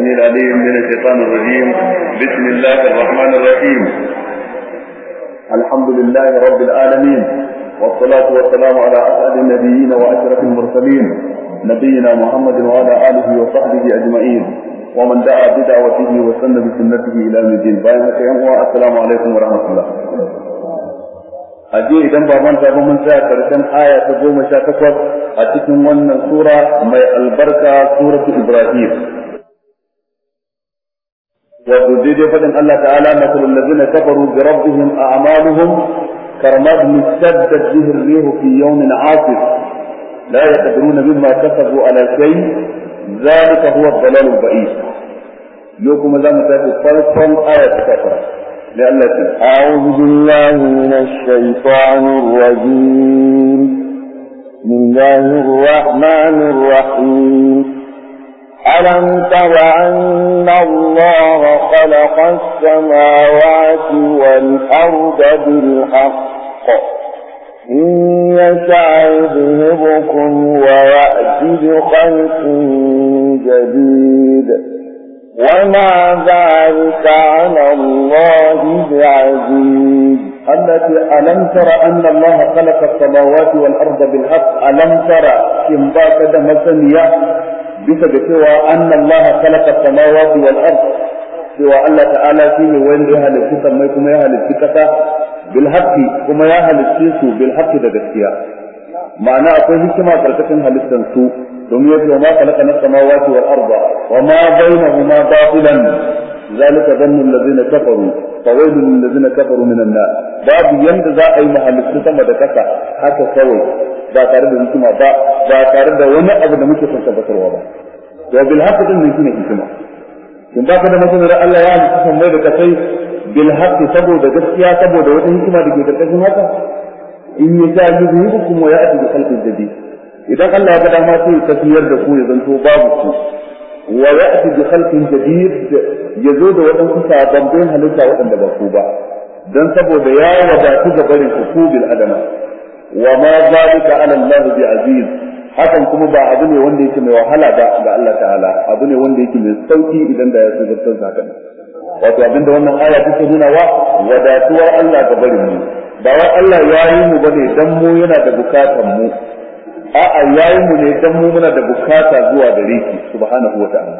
السميع العليم من الشيطان الرجيم بسم الله الرحمن الرحيم الحمد لله رب العالمين والصلاة والسلام على أسعد النبيين وأشرف المرسلين نبينا محمد وعلى آله وصحبه أجمعين ومن دعا بدعوته وسن بسنته إلى الدين بايعك السلام عليكم ورحمة الله aje idan ba manta ba mun tsaya karshen aya ta goma sha takwas a cikin wannan sura mai albarka suratu ibrahim وجديد فضل الله تعالى مثل الذين كفروا بربهم أعمالهم كرماد مستدت به الريح في يوم عاصف لا يقدرون مما كسبوا على شيء ذلك هو الضلال البعيد يوكم ذا مساك فرصا آية كفر لألتي أعوذ بالله من الشيطان الرجيم من الله الرحمن الرحيم ألم تر أن الله خلق السماوات والأرض بالحق إن يسع يذهبكم ويأتي بخلق جديد وما ذلك على الله بعزيز التي ألم تر أن الله خلق السماوات والأرض بالحق ألم تر إن باك دمسنية bisa ga cewa annallaha samawati wal ard cewa Allah ta'ala shi ne wanda ya halitta sammai kuma ya halitta kasa bil haqqi kuma ya halitta su bil haqqi da gaskiya ma'ana akwai hikima karkashin halittan su domin yadda ma khalaqa as-samawati wal arda wa ma bainahuma batilan ذلك ظن الذين كفروا فويل للذين كفروا من النار باب يند za a yi mahallisu sama da kasa haka kawai ba tare da hikima ba ba tare da wani abu da muke son ba to bil haqq din nan shine hikima in ba ka da masanar Allah ya halitta san mai da kasai bil haqq saboda gaskiya saboda wata hikima da ke karkashin haka in ya ja yuhibbukum wa ya'ti bi khalqin jadid idan Allah ya ga dama sai ya tafiyar da ku ya zanto babu ku wa ya'ti bi khalqin jadid ya zo da wadansu sababbin halitta waɗanda ba ku ba dan saboda ya wadatu ga barin ku bil adama wa ma zalika ala Allah bi aziz hakan kuma ba abu ne wanda yake mai wahala ba ga Allah ta'ala abu ne wanda yake mai sauki idan da ya so zartar sa hakan wato abinda wannan aya take nuna wa wadatuwar Allah ga barin mu ba wai Allah ya yi mu bane dan mu yana da bukatan mu a'a ya yi mu ne dan mu muna da bukata zuwa gare shi subhanahu wa ta'ala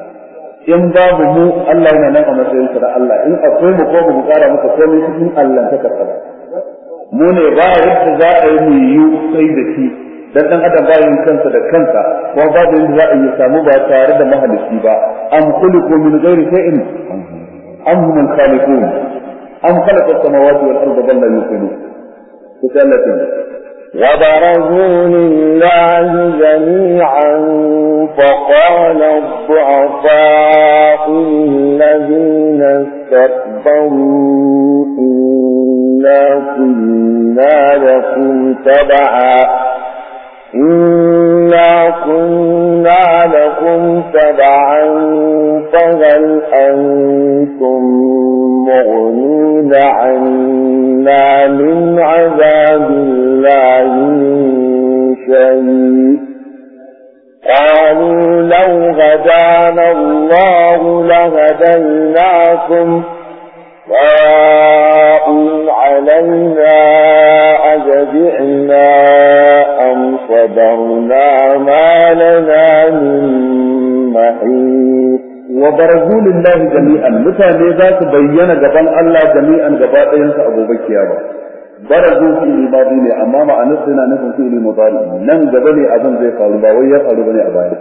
in babu mu Allah yana nan a matsayin sa da Allah in akwai mu ko mu kara muka komai cikin Allah ta karɓa mu ne ba yadda za a yi mu yi sai da shi dan dan adam ba yin kansa da kansa ko babu yanda za a yi samu ba tare da mahalicci ba am khuliqu min ghairi shay'in am hum al-khaliqun am khalaqa samawati wal arda bal la yuqinun kusallatin وبرزوا لله جميعا فقال الضعفاء الذين استكبروا إنا كنا لكم تبعا إنا كنا لكم تبعا فهل أنتم مغنون عنا من عذاب الله شيء قالوا لو هدانا الله لهديناكم سواء علينا أجزعنا فقدرنا ما لنا من محيط وبرزوا لله جميعا متى ذاك بين جبل الله جميعا جبل أنت أبو بكر ibadi ne amma ma'anar suna nufin fi mudari nan gaba ne abin zai faru ba wai ya faru bane a baya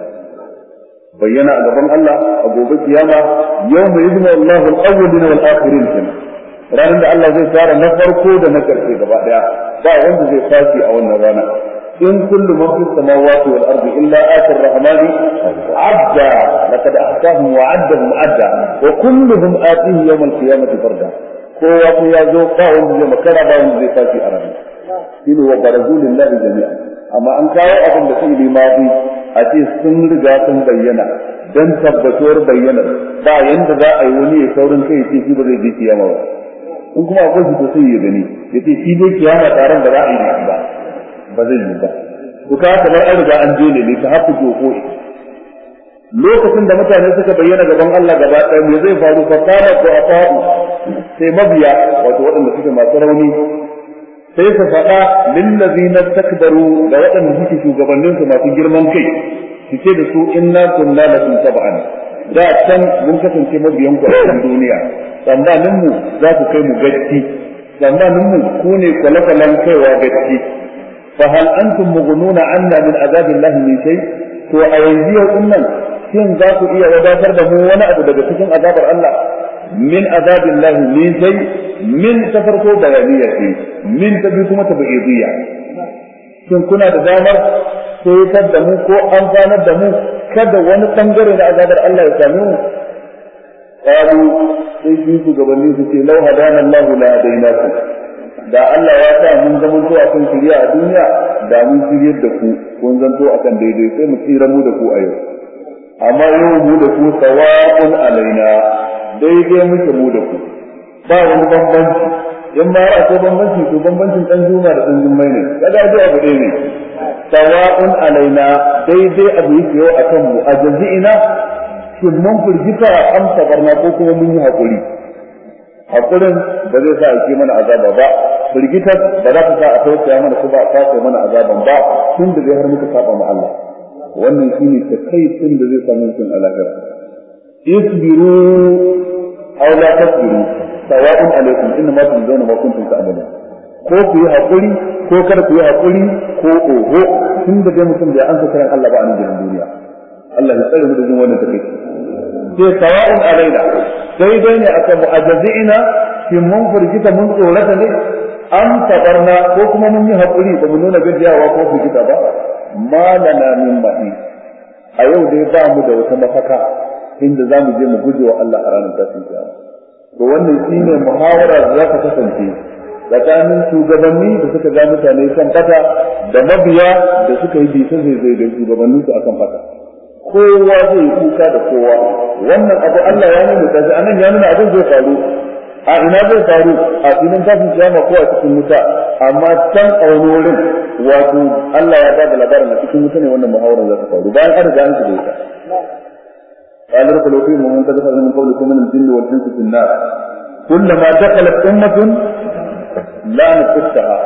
bayyana a gaban Allah a gobe kiyama yawma yuzma Allahu ranar da Allah zai fara na farko da na karshe gaba daya ba wanda zai fashi a wannan rana إن كل ما في السماوات والأرض إلا آت الرحمن عبدا لقد أحكاهم وعدهم عدا وكلهم آتيه يوم القيامة فردا هو يا ذو قوم يوم كربا زي فاتي أرامي إنه وبرزوا لله جميعا أما أن كاو أبن بسيلي ماضي أتي سن جاتا بينا دن تبتور بينا با يندغى أيوني سورن كي تيجي بغي دي أمور إن كما أقول بسيء sai ya gani كيانا ce shi dai kiyama ba zai yi ba ku kamar an riga an jele ne ta haku joko lokacin da mutane suka bayyana gaban Allah gaba ɗaya me zai faru fa kana ko afa'u sai mabiya wato waɗanda suke masu rauni sai su faɗa lillazina takbaru da waɗanda suke shugabannin su masu girman kai su ce da su inna kunna lakum tab'an da can mun kasance mabiyan ku a duniya tsammanin mu za ku kai mu gatti tsammanin mu ku ne kwale-kwalen kaiwa gatti fa hal antum mughnuna anna min azabillahi min shay to a yanzu yau din nan shin za ku iya wadatar da mu wani abu daga cikin azabar Allah min azabillahi min shay min ta farko bayaniya ce min ta bi kuma tabi'iyya shin kuna da damar sai da mu ko amfanar da mu kada wani bangare na azabar Allah ya sami mu قالوا sai su gabanin su ce lau hadana Allah la da Allah ya sa mun zama to kan shirya a duniya da mun shirya da ku kun zanto a kan daidai sai mu tsira mu da ku a yau amma yau mu da ku sawa'un alaina daidai muke mu da ku ba wani bambanci in ma ko bambanci to bambancin dan juma da dan jummai ne kada ji abu dai ne sawa'un alaina daidai abu yake yau kan mu a jazi'ina shin mun firgita an tabarna ko kuma mun yi haƙuri haƙurin ba zai sa a ke mana azaba ba firgitar ba za ta sa a tausaya mana ko ba a kafa mana azaban ba tun da zai har muka saba ma Allah wannan kai takaicin da zai samu mutum a lahira isbiru aw la tasbiru sawa'un alaykum inna ma tunzuna ma kuntum ta'malun ko ku yi hakuri ko kar ku yi hakuri ko oho tun da dai mutum bai ansa kiran Allah ba a nan duniya Allah ya tsare mu da jin wannan takaici sai sawa'un alaina sai dai ne akan mu'ajazina shin mun firgita mun tsorata ne an tabarna ko kuma mun yi haƙuri ba mu nuna gajiyawa ko firgita ba malana min mahi a yau dai ba mu da wata mafaka inda za mu je mu guje wa Allah a ranar tashin kiyama to wannan ne muhawara da za ta kasance tsakanin shugabanni da suka ga mutane kan fata da mabiya da suka yi bisa zai da shugabanni su akan fata kowa zai kuka da kowa wannan abu Allah ya nuna ta anan ya nuna abin zai faru a ina zai faru a filin tashin kiyama ko a cikin wuta amma can a wani wato Allah ya bada labarin a cikin wuta ne wannan muhawarar za ta faru bayan an riga an shiga wuta قال ادخلوا في من قد دخل من قبلكم من الجن والانس في النار كلما دخلت أمة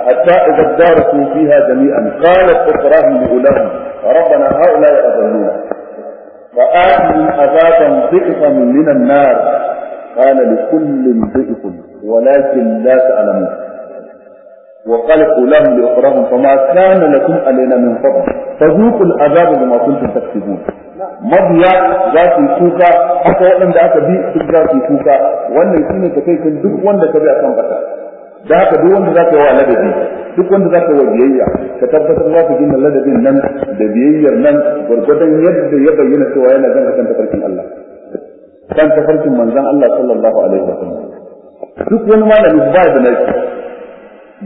حتى إذا اداركوا فيها جميعا قالت أخراهم لأولاهم ربنا هؤلاء أضلونا عذابا ضعفا من النار قال لكل ضئف ولكن لا تعلمون وقلقوا لهم لأخراهم فما كان لكم علينا من فضل فذوقوا العذاب بما كنتم تكسبون mabiya za su yi haka waɗanda aka bi duk za su yi wannan shi kai kan duk wanda ka bi a kan ƙasa da haka duk wanda za ka yi wa ladabi duk wanda za ka wa biyayya ka tabbatar za ka gina ladabin nan da biyayyar nan gwargwadon yadda ya bayyana cewa yana jan hakan tafarkin Allah kan tafarkin manzon Allah sallallahu alaihi wa wasallam duk wani malami ba da nashi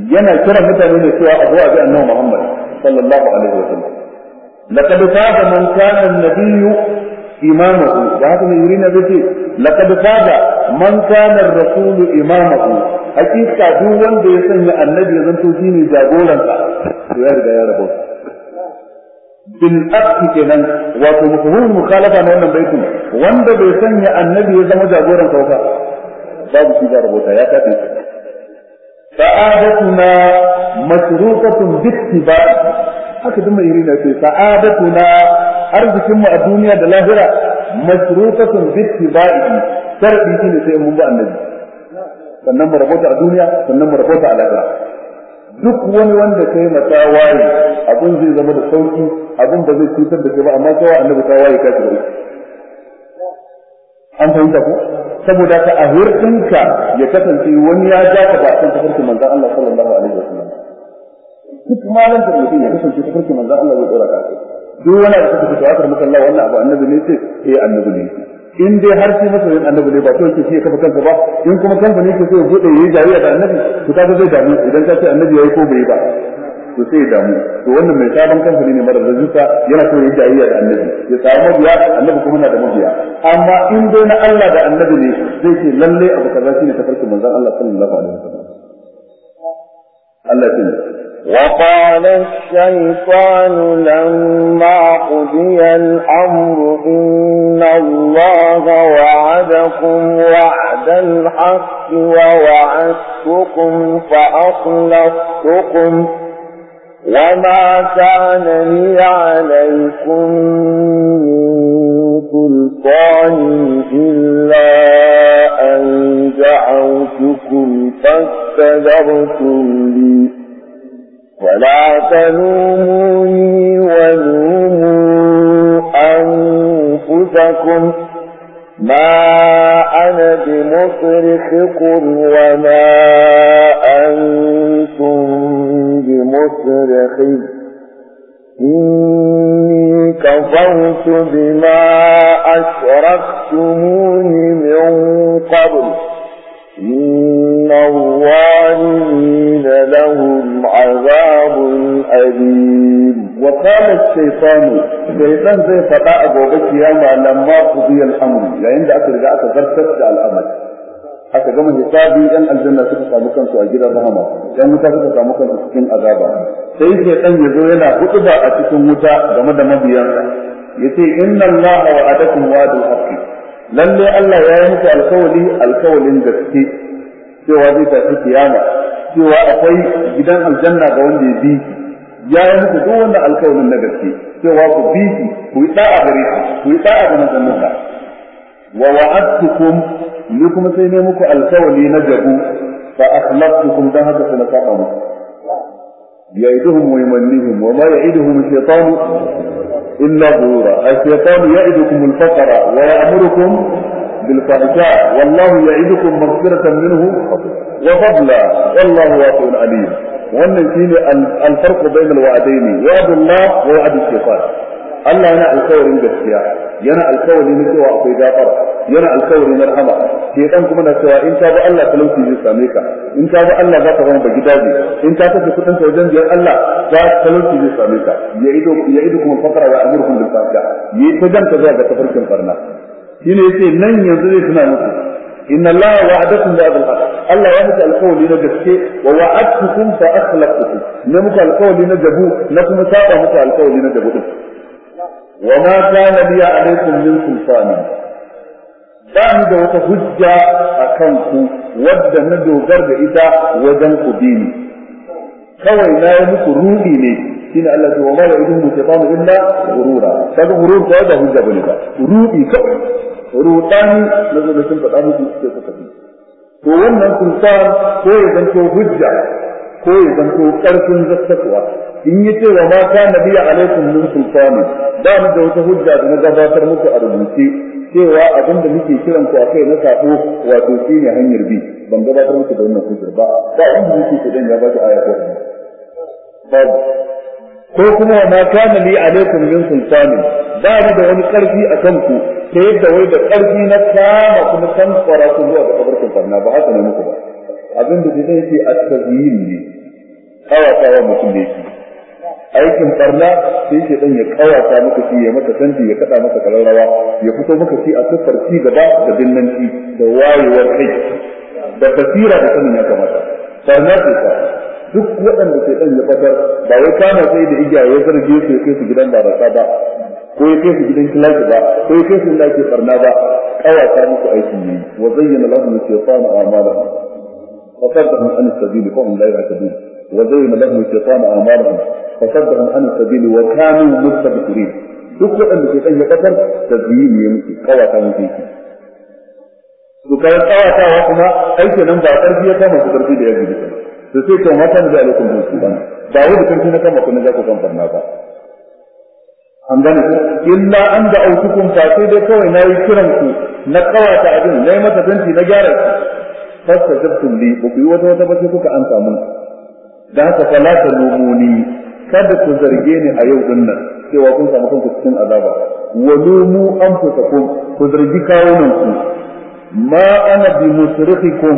yana kira mutane ne cewa abu abi annabi Muhammad sallallahu alaihi wasallam laqad faza man kana an-nabiyyu imamahu da haka ne yuri na zace laqad faza man kana ar-rasulu imamahu hakika duk wanda ya sanya annabi ya zanto shine jagoransa to ya riga ya rabu bil aqti kenan wato mafhumul mukhalafa na wannan baitin wanda bai sanya annabi ya zama jagoran kauka babu shi da rubuta ya haka irina ce sa'adatuna arzikin mu a duniya da lahira mashruqatun bi ittiba'i sharadi shine sai mun bi annabi sannan mu rabota a duniya sannan mu rabota a lahira duk wani wanda ka yi mata waye abin zai zama da sauki abin da zai cutar da kai ba amma kawai annabi ta waye ka shiga an fahimta ko saboda ka ahirtinka ya kasance wani ya ja ka ba kan tafarkin manzan Allah sallallahu alaihi sallam. duk malan da mutum ya kasance tafarkin manzan Allah zai dora ka duk wani da kake tawakkar maka Allah wannan abu annabi ne ce ya eh, annabi ne in dai har sai yin annabi ne ba to yake shi ya kafa kansa ba in kuma kamfani yake so ya bude yayi jariya da annabi to kaga zai damu idan ka ce annabi yayi ko bai ba to sai ya damu to wannan mai sabon kamfani ne mara rajista yana so yayi jariya da annabi ya samu mabiya annabi kuma na da mabiya amma in dai na Allah da annabi ne zai ce lalle abu kaza shine tafarkin manzon Allah sallallahu alaihi wasallam Allah ya وقال الشيطان لما قضي الأمر إن الله وعدكم وعد الحق ووعدتكم فأخلفتكم وما كان لي عليكم سلطان إلا أن دعوتكم فاستدرتم لي ولا تلوموني ولوموا أنفسكم ما أنا بمصرخكم وما أنتم بمصرخي إني كفرت بما أشركتموني من قبل إن الظالمين لهم عذاب أليم وقال الشيطان الشيطان زي فضاء بوبك ياما لما قضي الأمر لأن ذا أكد جاءت فرسك الأمر aka gama hisabi yan aljanna suka samu kansu a gidan rahama yan wuta suka samu kansu cikin azaba sai ke dan yazo yana hutuba a cikin wuta game da mabiyansa yace inna allaha wa'adakum wa'dul lalle Allah ya yi muku alkawali alkawalin gaske cewa zai tafi kiyama cewa akwai gidan aljanna ga wanda ya bi ya yi muku duk wannan alkawalin na gaske cewa ku bi shi ku yi da'a gare shi ku yi da'a ga manzanninsa wa wa'adtukum ni kuma sai ne muku alkawali na jabu fa akhlaqtukum dan haka kuma saba muku يعدهم ويمنيهم وما يعدهم الشيطان إلا غرورا الشيطان يعدكم الفقر ويأمركم بالفحشاء والله يعدكم مغفرة منه وفضلا والله واسع عليم وأن الفرق بين الوعدين وعد الله ووعد الشيطان Allah yana alkawarin gaskiya yana alkawari na cewa akwai gafara yana alkawari na rahama shedan kuma na cewa in ta bi Allah talauci zai same ka in ta bi Allah za ka zama ba gidaje in ta tafi kudin ta wajen biyar Allah za ka talauci zai same ka ya ido ya ido kuma fakara wa amurkum bil fakka yi ta ganta zuwa ga tafarkin barna shine yace nan yanzu zai tuna muku inna Allah wa'adakum ba'dal haqq Allah ya muku alkawari na gaske wa wa'adtukum fa akhlaqtukum na muku alkawari na gabu na kuma saba muku alkawari na gabu wa ma kana li alaikum min sultani ba ni da wata hujja a kan ku wadda na dogar da ita wajen ku dini kawai na yi muku ruɗi ne shi ne Allah ya wala idun mutaqan illa gurura kaga gurur ko da hujja bane ba ruɗi kawai ruɗani na zo da sun faɗa muku sai ku tafi to wannan sultan ko ya zanto hujja ko ya zanto ƙarfin zattatuwa in yi cewa ma ta nabi alaikum min sultani ba mu da wata hujja da na gabatar muku a rubuce cewa abin da muke kiran ku akai na sako wato shi ne hanyar bi ban gabatar muku da wannan hujjar ba ba wanda yake kidan ya ba ta aya ko babu ko kuma ma kana li alaikum min sultani ba ni da wani karfi a kanku ta yadda wai da karfi na kama kuma san kwara ku zuwa ga kabarkin farna ba haka ne muku ba abin da zai ce a tazyin ne kawatawa mutum ne shi aikin barna sai ke dan ya kawata maka shi ya maka santi ya kada maka kalarawa ya fito maka shi a siffar ci gaba da binnanci da wayewar kai da basira da sanin ya kamata barna ce ta duk waɗanda ke dan ya fatar ba wai kana sai da igiya ya zarge su ya kai su gidan barasa ba ko ya kai su gidan kilaki ba ko ya kai su inda ke barna ba kawata muku aikin ne wa zayyana lahum shaytanu a'malahum فصدهم عن السبيل فهم لا يعتدون وزين لهم الشيطان اعمالهم فصدهم عن السبيل وكانوا مستبصرين duk waɗanda ke sanya ƙasar tafiyin ne muke kawata mu ki su kayan kawatawa kuma aiki nan ba ƙarfi ya kama su ƙarfi da ya gudu su sai kan wata da alaikum bin sudan ba wai da ƙarfi na kama kuma za ku kan farna ba an gane illa an da autukun fa sai dai kawai na yi kiran ku na kawata abin na yi mata zanti na gyara fastajabtum li bu ku yi wata wata ba kuka amsa samu da haka fala ta lumuni kada ku zarge ni a yau din nan cewa kun samu kanku cikin azaba wa lumu anfusakum ku zargi kawunan ku ma ana bi musrikhikum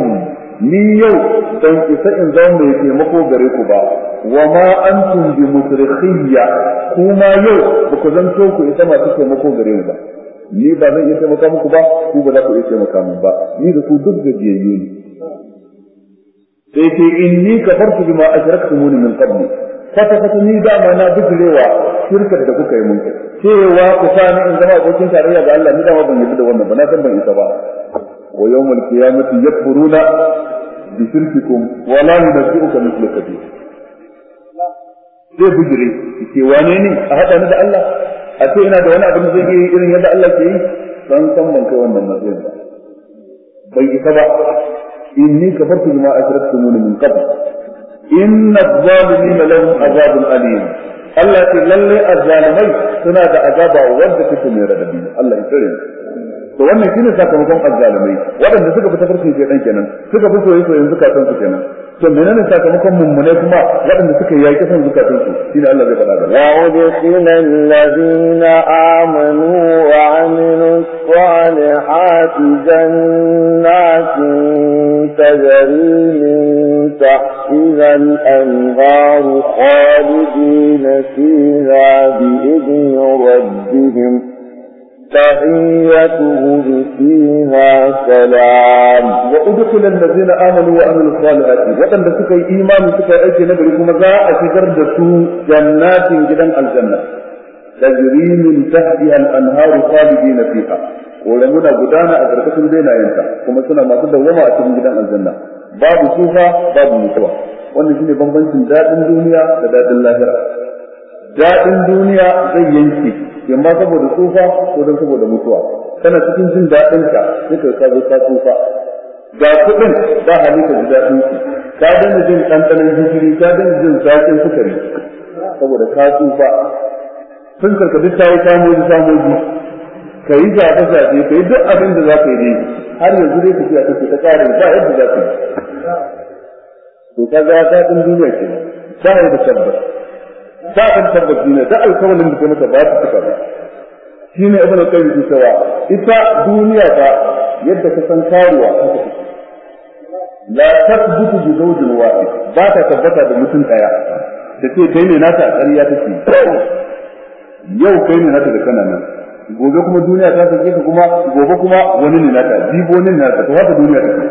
ni yau dan isa in zama mai taimako gare ku ba wa ma antum bi musrikhiyya kuma yau ba ku zanto ku isa take taimako gare ku ba ni ba zan iya taimaka muku ba ku ba za ku iya taimaka min ba ni da ku duk da ne sai ce inni kafartu bima ashraktumuni min qabli kwata kwata ni dama na bijirewa shirkar da kuka yi mulki. cewa ku sani in zama abokin tarayya ga Allah ni dama ban yi da wannan ba na san ban isa ba wa yawmal qiyamati yakfuruna bi shirkikum wa la yunabbi'uka mithlu kabir zai bujire ce wane ne a haɗa ni da Allah a ce ina da wani abin da zai yi irin yadda Allah ke yi san san ban kai wannan matsayin ba bai isa ba inni kafartu bima asraktumuni min qabl inna adh-dhalimina lahum azabun alim Allah ce lalle azzalimai suna da azaba wanda take mai Allah ya to wannan shine sakamakon azzalimai waɗanda suka fi ke shedan kenan suka fi soyayya yanzu kasan su kenan to menene sakamakon mummune kuma waɗanda suka yi yaƙi son zukatun su shine Allah zai faɗa da wa udkhila alladhina amanu wa amilu salihati jannatin tajri min tahtiha al-anhar khalidina fiha bi idni rabbihim تحيتهم فيها سلام وادخل الذين امنوا وعملوا الصالحات وقد سكى ايمان سكى ايتي نبري كما ذا اشكر دسو جنات جدا الجنه تجري من تحتها الانهار خالدين فيها ولمنا غدانا ادركتم بينا ينتا كما سنا ما تدوما a cikin gidan aljanna babu tsufa babu mutuwa wannan shine bambancin dadin duniya da dadin lahira dadin duniya zai yanke yamma saboda tsufa ko don saboda mutuwa tana cikin jin daɗin ka duka ka zo ka tsufa ga kuɗin ba halitta da daɗin ki ka dinga jin ɗanɗanon jikiri ka dinga jin zaƙin sukari saboda ka tsufa sun karka duk ta yi samoji samoji ka yi zaɓe zaɓe ka yi duk abin da za ka yi ne har yanzu dai ka tafiya kake ta ƙara ba yadda za ka yi to ka ga daɗin duniya ke ba ya da tabbata ta kan tabbaci ne da alƙawarin da kai masa ba ta cika ba shi ne ibn kai ke cewa ita duniya ba yadda ka san karuwa haka take la tasbutu bi zawjin wahid ba ta tabbata da mutum daya da ce kai ne nata a ƙarya take yau kai ne nata da kana nan gobe kuma duniya ta sake ka kuma gobe kuma wani ne nata jibo ne nata to haka duniya take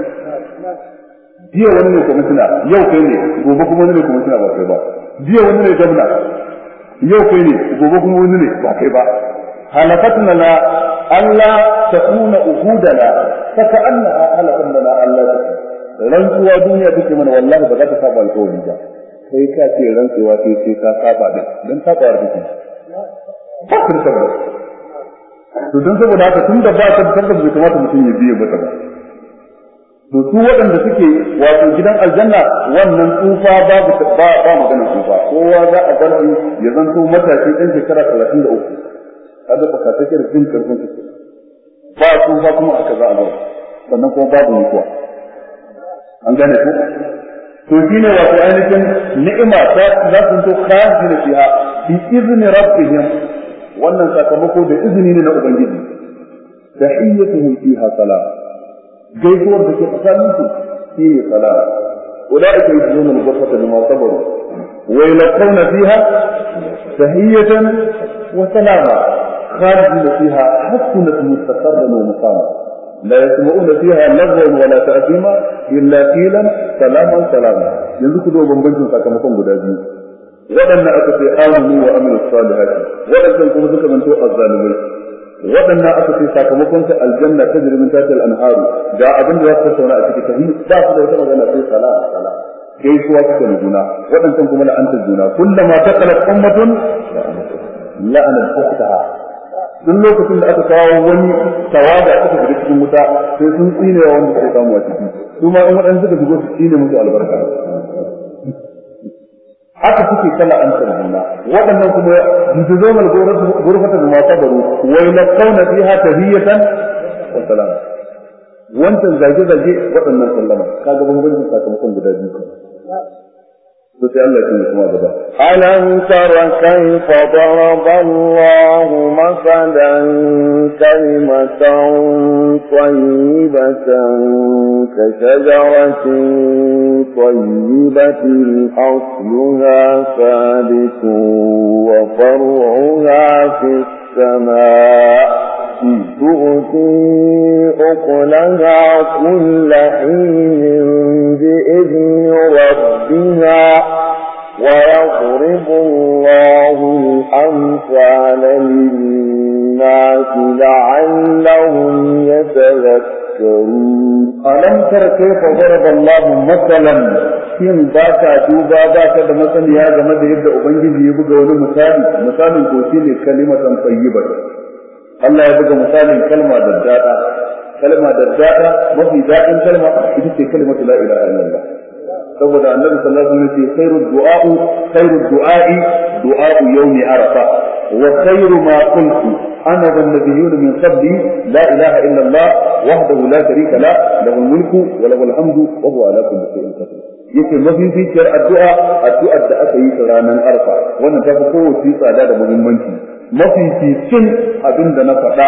jiya wani ne kuma kwamishina yau kai ne gobe kuma wani ne kuma kwamishina ba kai ba jiya wani ne gwamna yau kai ne gobe kuma wani ne ba kai ba halakatna na Allah ta uhudana fa ka'anna halakatna na Allah rantsuwa duniya take mana wallahi ba za ta saba alƙawari ba sai ka ce rantsuwa sai sai ka saba din dan sabawar take ba ku da sabawa to don saboda haka tun da ba ta tabbata kamata mutum ya ba mata ba to su waɗanda suke wato gidan aljanna wannan tsufa babu ba ba magana tsufa kowa za a bar ya zanto matashi ɗan shekara talatin da uku kaga fakatake da jin karfin su ba tsufa kuma aka za a bar sannan kuma babu mutuwa an gane ku to ne wato ainihin ni'ima ta za su to khazina fiha bi izni rabbihim wannan sakamako da izini ne na ubangiji tahiyyatuhum fiha salam جيكور بكي أساميكي فيه صلاة أولئك يجزون الغرفة المعتبرة ويلقون فيها سهية وسلامة خارجين فيها حسنة مستقرة ومقامة لا يسمعون فيها لغوا ولا تأثيما إلا قيلا سلاما سلاما ينزل كدوا بمبنجن ساكمكم بدازين وأن أتفي آمني وأمن الصالحات وأن تنكم ذكر من تؤى الظالمين waɗannan aka ce sakamakon ta aljanna ta jirgin tatil anharu ga abin da za su tattauna a cikin tahi ba su da wata magana sai sala a sala gaisuwa kuka da juna waɗancan kuma la'antar juna kullama taqalat ummatun la'anat ukhtaha duk lokacin da aka kawo wani tawada aka shiga cikin wuta sai sun tsine wa wanda suka kamu a ciki su ma in waɗansu suka shigo su tsine musu albarka haka suke kala an juna waɗannan kuma yuzumul ghurfata bima sabaru wa yulqawna fiha tahiyatan wa salama wancan zage zage waɗannan sallama kaga bambancin sakamakon guda biyu ألم تر كيف ضرب الله مثلا كلمة طيبة كشجرة طيبة أصلها ثابت وفرعها في السماء السماء تؤتي أقلها كل حين بإذن ربها ويضرب الله الأمثال للناس الناس لعلهم يتذكرون ألم تر كيف ضرب الله مثلا shin ba ka duba ba da masaniya game da yadda Ubangiji ya buga wani misali misalin ko shi ne kalimatan tayyiba Allah ya buga misalin kalma da dada kalma da dada mafi dadin kalma ita ce kalimatu saboda annabi sallallahu alaihi wasallam ya ce khairu du'a khairu du'a'i du'a'u yawmi arafa وخير ما قلت أنا min من قبلي لا إله إلا الله وحده لا شريك له له الملك وله الحمد وهو على كل شيء قدير yake mafi fikiyar addu'a addu'ar da aka yi ranar arfa wannan ta fi kowace tsada da muhimmanci mafi fikin abin da na faɗa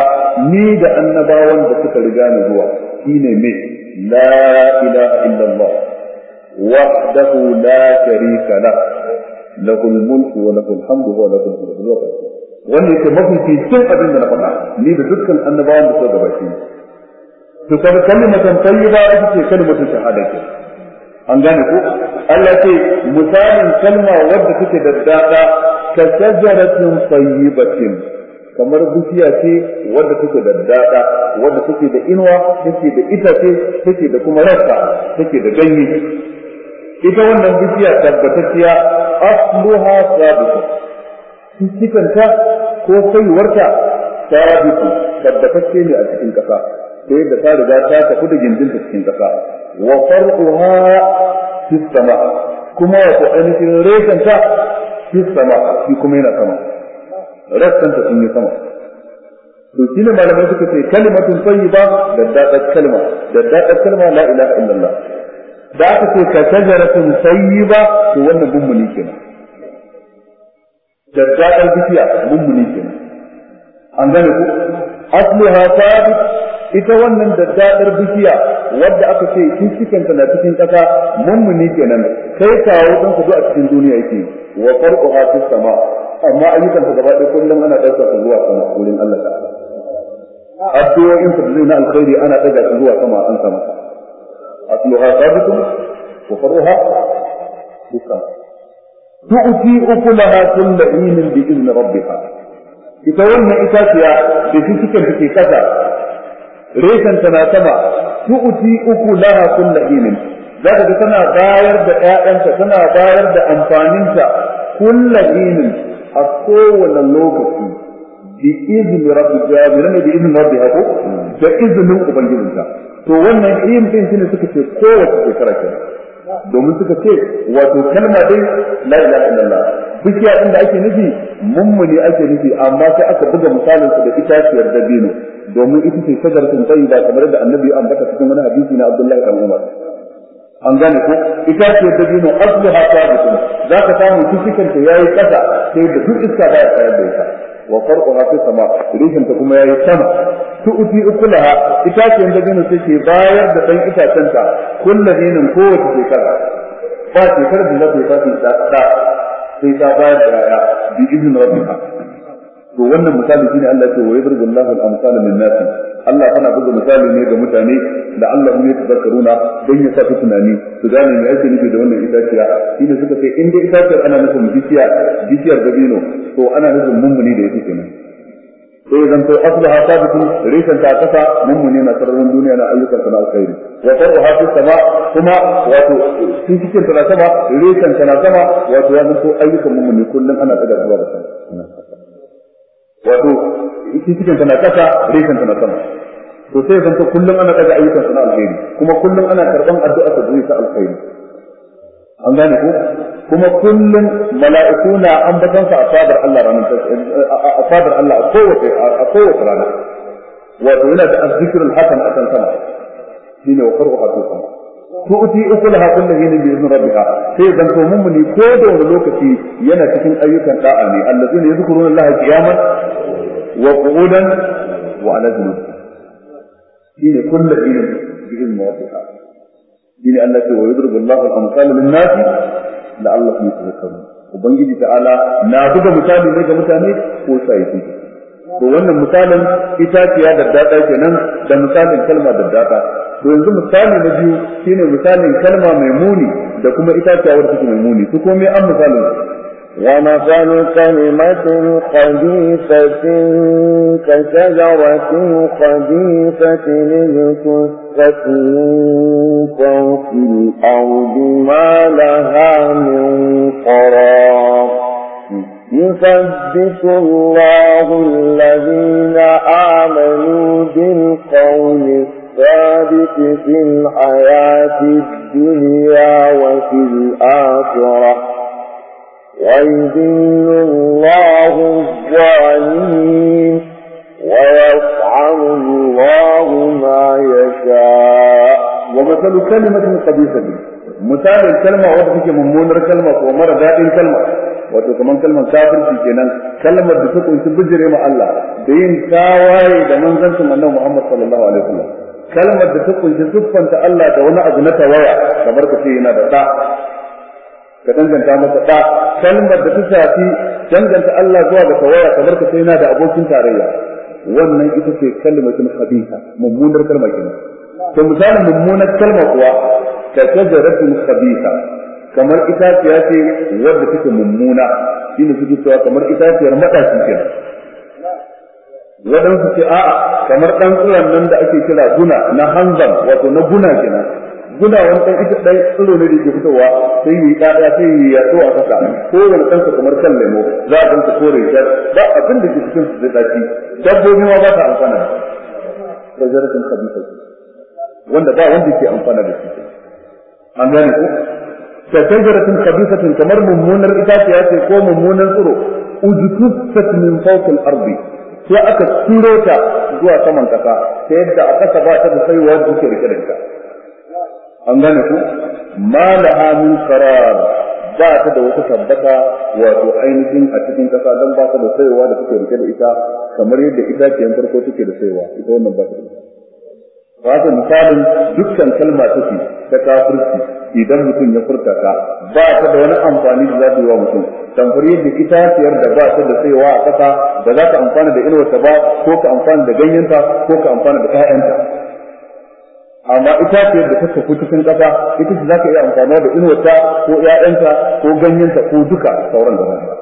ni da annabawan da suka riga ni zuwa shine me la ilaha illallah wahdahu la sharika lahu lahul mulku wa lahul hamdu wa lahul hamdu zuwa wannan yake mafi cin abin da na faɗa ni da dukkan annabawan da suka gabace to kaga kalmatan tayyiba ita ce kalmatan shahada ke an gane ko Allah ce misalin kalma wadda take da dada ka shajaratin tayyibatin kamar bishiya ce wadda take da dada wadda take da inuwa take da itace take da kuma rassa take da ganye ita wannan bishiya tabbatacciya asluha sabitu cikinta ko saiwarta sabitu tabbatacce ne a cikin kasa ta yadda ta riga ta tafi da gindin ta cikin kasa wa far'uha fi sama'a kuma wato ainihin rekanta fi sama'a shi kuma yana sama rassanta sun yi sama to shi ne malamai suka ce kalimatun tayyiba da dadar kalma da dadar kalma la ilaha illallah da aka ce ka shajaratun ba, to wannan mummuni kenan daddadar bishiya mummuni kenan an gane ku asluha sabit ita wannan daddadar bishiya wadda aka ce cikinta na cikin kasa mummuni kenan kai kawo dan ku a cikin duniya yake wa farquha fis sama amma ayyukan ta gaba ɗaya kullum ana ɗaukar su zuwa sama wurin Allah ta'ala addu'o'in ta na alkhairi ana ɗaga su zuwa sama an sama أكلها ثابت وفرها بالسماء تؤتي أكلها كل حين بإذن ربها ita wannan itaciya da shi cikin take kasa reshen ta na sama tu'ti uku laha kullu hinin zaka ga tana bayar da ƴaƴanta tana bayar da amfaninta kullu a kowane lokaci bi izini da izinin ubangijinta to wannan yin shi ne suka ce kowace shekara ke domin suka ce wato kalma dai la ilaha illallah bishiya din da ake nufi mummuni ake nufi amma sai aka buga misalin su da itaciyar dabino domin ita ce shajaratun tayyiba kamar da annabi ya ambata cikin wani hadisi na Abdullahi ibn Umar an gane ko itaciyar dabino asliha Za ka samu cikin ta yayi kasa sai da duk iska ba ya tsayar da ita wa farquha fi sama rishin ta kuma yayi sama tu'ti ukulaha itacen dabino take bayar da dan itacen ta kullu dinin kowace shekara ba shekarar da za ta yi fasin ta ta sai ta bayar da raya bi izinin rabbika to wannan misali shine Allah ya ce wa yadrubu Allahu al-amsala lin-nas Allah tana buga misali ne ga mutane da Allah ne ta zakaruna dan ya sa tunani su gane me ake nufi da wannan itaciya shine suka ce in dai itaciyar ana nufin bishiya bishiyar dabino to ana nufin mummuni da yake kenan sai zan to asbaha sabitu risan ta kasa mummune na sararin duniya na ayyukan sana alkhairi wa farha fi sama kuma wato shi cikin sana sama risan sana sama wato ya zanto ayyukan ne kullum ana tsada zuwa da sama wato shi cikin sana kasa risan sana sama to sai zan to kullum ana tsada ayyukan sana alkhairi kuma kullum ana karban addu'a ta zuwa alkhairi an gane ku? kuma kullum mala'iku na ambaton sa a fadar Allah ranar a fadar Allah a kowace a kowace rana wato yana da azzikrul hasan a kan sama shine wa qur'u hatukum tu'ti ukulaha kullu hin bi izni rabbiha sai dan to mummuni ko da wani lokaci yana cikin ayyukan da'a ne allazina yadhkuruna Allah qiyaman wa qu'udan wa ala junub shine kullu hin bi izni rabbiha shine Allah ce wa yadrubu Allahu al-amsal lin-nas la'allahum yatafakkarun ubangiji ta'ala na buga misali ne ga mutane ko sai su to wannan misalin itaciya da dada kenan da misalin kalma da dada to yanzu misali na biyu shine misalin kalma mai muni da kuma itaciya wadda take mai muni su me an misalin ومثل كلمة خبيثة كشجرة خبيثة اجتثت من فوق الأرض ما لها من قرار يثبت الله الذين آمنوا بالقول الثابت في الحياة الدنيا وفي الآخرة ويذل الله الظالمين ويفعل الله ما يشاء ومثل كلمة قبيحة مثال الكلمة وقتك ممونر كلمة ومر ذات كلمة wato kamar kalmar kafirci kenan kalmar da ta kunshi bijire ma Allah da yin tawaye da manzancin annabi Muhammad sallallahu alaihi wasallam kalmar da ta kunshi siffanta Allah da wani abu na tawaya kamar ka ce yana da da ka danganta masa da kalmar da ta shafi danganta Allah zuwa ga tawaya kamar ka sai na da abokin tarayya wannan ita ce kalmatul khabitha mummunar kalma kenan to misalin mummunar kalma kuwa ka shajaratul khabitha kamar itaciya ce wadda take mummuna shine suke cewa kamar itaciyar madaci kenan Wadansu ce a'a kamar ɗan tsiron nan da ake kira guna na hanzan wato na guna kenan guda wani ɗan ita ɗan tsiro ne da ke fitowa sai yi ƙaɗa sai yi yaɗo a kasa ko wani ɗansa kamar kan lemo za a ɗansa ko rinjar ba abin da ke cikin su zai ɗaci dabbobi ma ba ta amfana da shi rajaratun kabisa wanda ba wanda ke amfana da shi an gane ko ta shajaratun kabisatin kamar mummunar itaciya ce ko mummunar tsiro ujtufat min fawqil ardi sai aka turo ta zuwa saman kasa ta yadda a kasa ba ta da saiwa duke rike da ita an gane ku ma da min karar ba ta da wata tabbata wato ainihin a cikin kasa don ba ta da saiwa da suke rike da ita kamar yadda ita ke yan farko suke da saiwa ita wannan ba ta da ta misalin dukkan kalma take ta kafirci idan mutum ya furta ta ba ta da wani amfani da za ta yi wa mutum tamfari yadda itaciyar da ba ta da saiwa a kasa da za ka amfana da inuwarta ba ko ka amfana da ganyenta ko ka amfana da 'ya'yanta amma itaciyar da ta tafi cikin ƙasa ita ce za ka iya amfana da inuwarta ko ‘ya'yanta ko ganyenta ko duka sauran da wanda.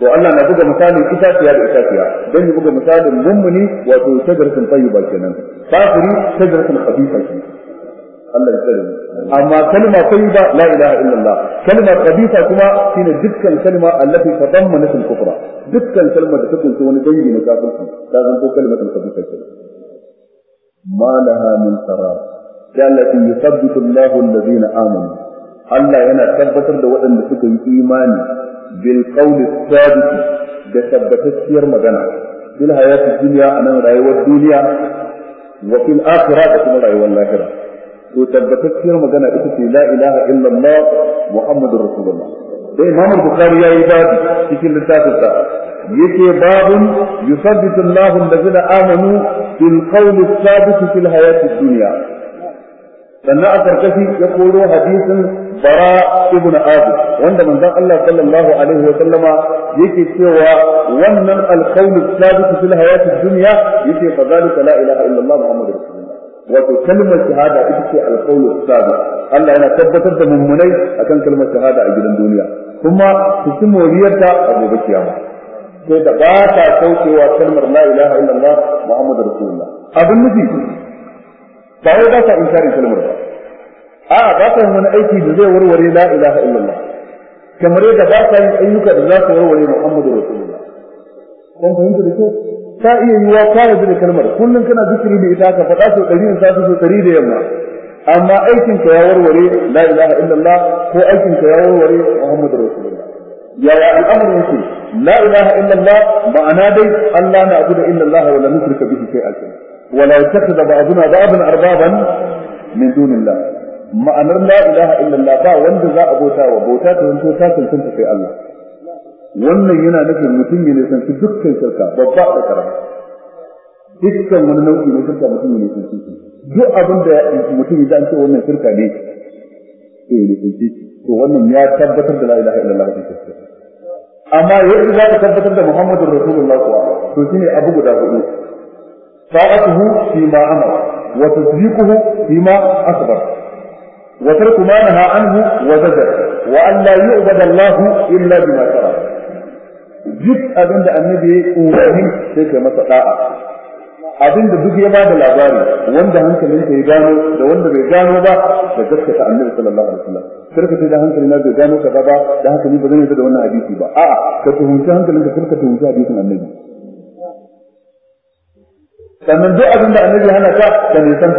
To Allah na buga misalin itaciya da itaciya don ya buga misalin mummuni wato shajaratun tayyiba kenan. Kafiri shajaratun khabisa ce. Allah ya tsare amma kalma ba la ilaha illallah kalma khabisa kuma shi ne dukkan kalma allati tadammanat al-kufra dukkan kalma da ta kunshi wani dangi na kafirci ta zanto ta khabisa kenan. ma laha min qarar dalati yuthabbitu Allahu alladhina amanu Allah yana tabbatar da waɗanda suka yi imani bil qawli sabit da tabbatacciyar magana fil hayati dunya anan rayuwar duniya wa fil da kuma rayuwar lahira to tabbatacciyar magana ita ce la ilaha illallah muhammadur rasulullah da imam bukhari yayi babu cikin littafin sa yace babun yusabbitu Allahu allazina amanu bil qawli thabit fil hayati dunya sannan a karkashi ya koro hadisin bara ibn abu wanda manzon Allah sallallahu alaihi wa sallama yake cewa wannan alqawlu thabit fil hayati dunya yake fa zalika la ilaha illa Allah muhammadur wato kalmar shahada ita ce alqawlu thabit Allah yana tabbatar da mummunai akan kalmar shahada a gidan duniya kuma su ci moriyarta a gobe kiyama sai da ba ta kaucewa kalmar la ilaha illallah muhammadur rasulullah abin nufi ba wai ba ta inkarin kalmar ba a'a ba ta wani aiki da zai warware la ilaha illallah kamar yadda ba ta yin ayyuka da za su warware muhammadur rasulullah kun fahimta da kyau ta iya yiwa ka yabi da kalmar kullum kana zikiri da ita ka faɗa sau ɗari in sa su ɗari da yamma amma aikin ka ya warware la ilaha illallah ko aikin ka ya warware muhammadur rasulullah yaya al'amarin yake la ilaha illallah ma'ana dai Allah na abuda illallah wa la nusrika bihi shay'an wa la yattakhidha ba'duna ba'dan arbaban min dunillah ma'anar la illallah ba wanda za a bauta wa bauta ta zanto ta sai Allah wannan yana nufin mutum ya nisanci dukkan shirka babba da karama dukkan wani nau'i na shirka mutum ya nisanci shi duk abin da mutum ya ji wannan shirka ne sai wannan ya tabbatar da ta amma yadda za ka tabbatar da Muhammadu Rasulullah kuwa to shine abu guda hudu ta'atuhu fi ma amara wa tasdiquhu fi ma akhbar wa tarku ma naha anhu wa zajar wa an la yu'bada Allah illa bima shara duk abin da annabi ya umarni sai kai masa da'a abin da duk ya ba da labari wanda hankalin ka ya gano da wanda bai gano ba da gaskata annabi sallallahu alaihi wasallam karka sai da hankali na zai gano kaza ba da haka ni ba zan yarda da wannan hadisi ba a'a ka tuhunci hankalin ka karka tuhunci hadisin annabi sannan duk abin da annabi hana ka ka nisan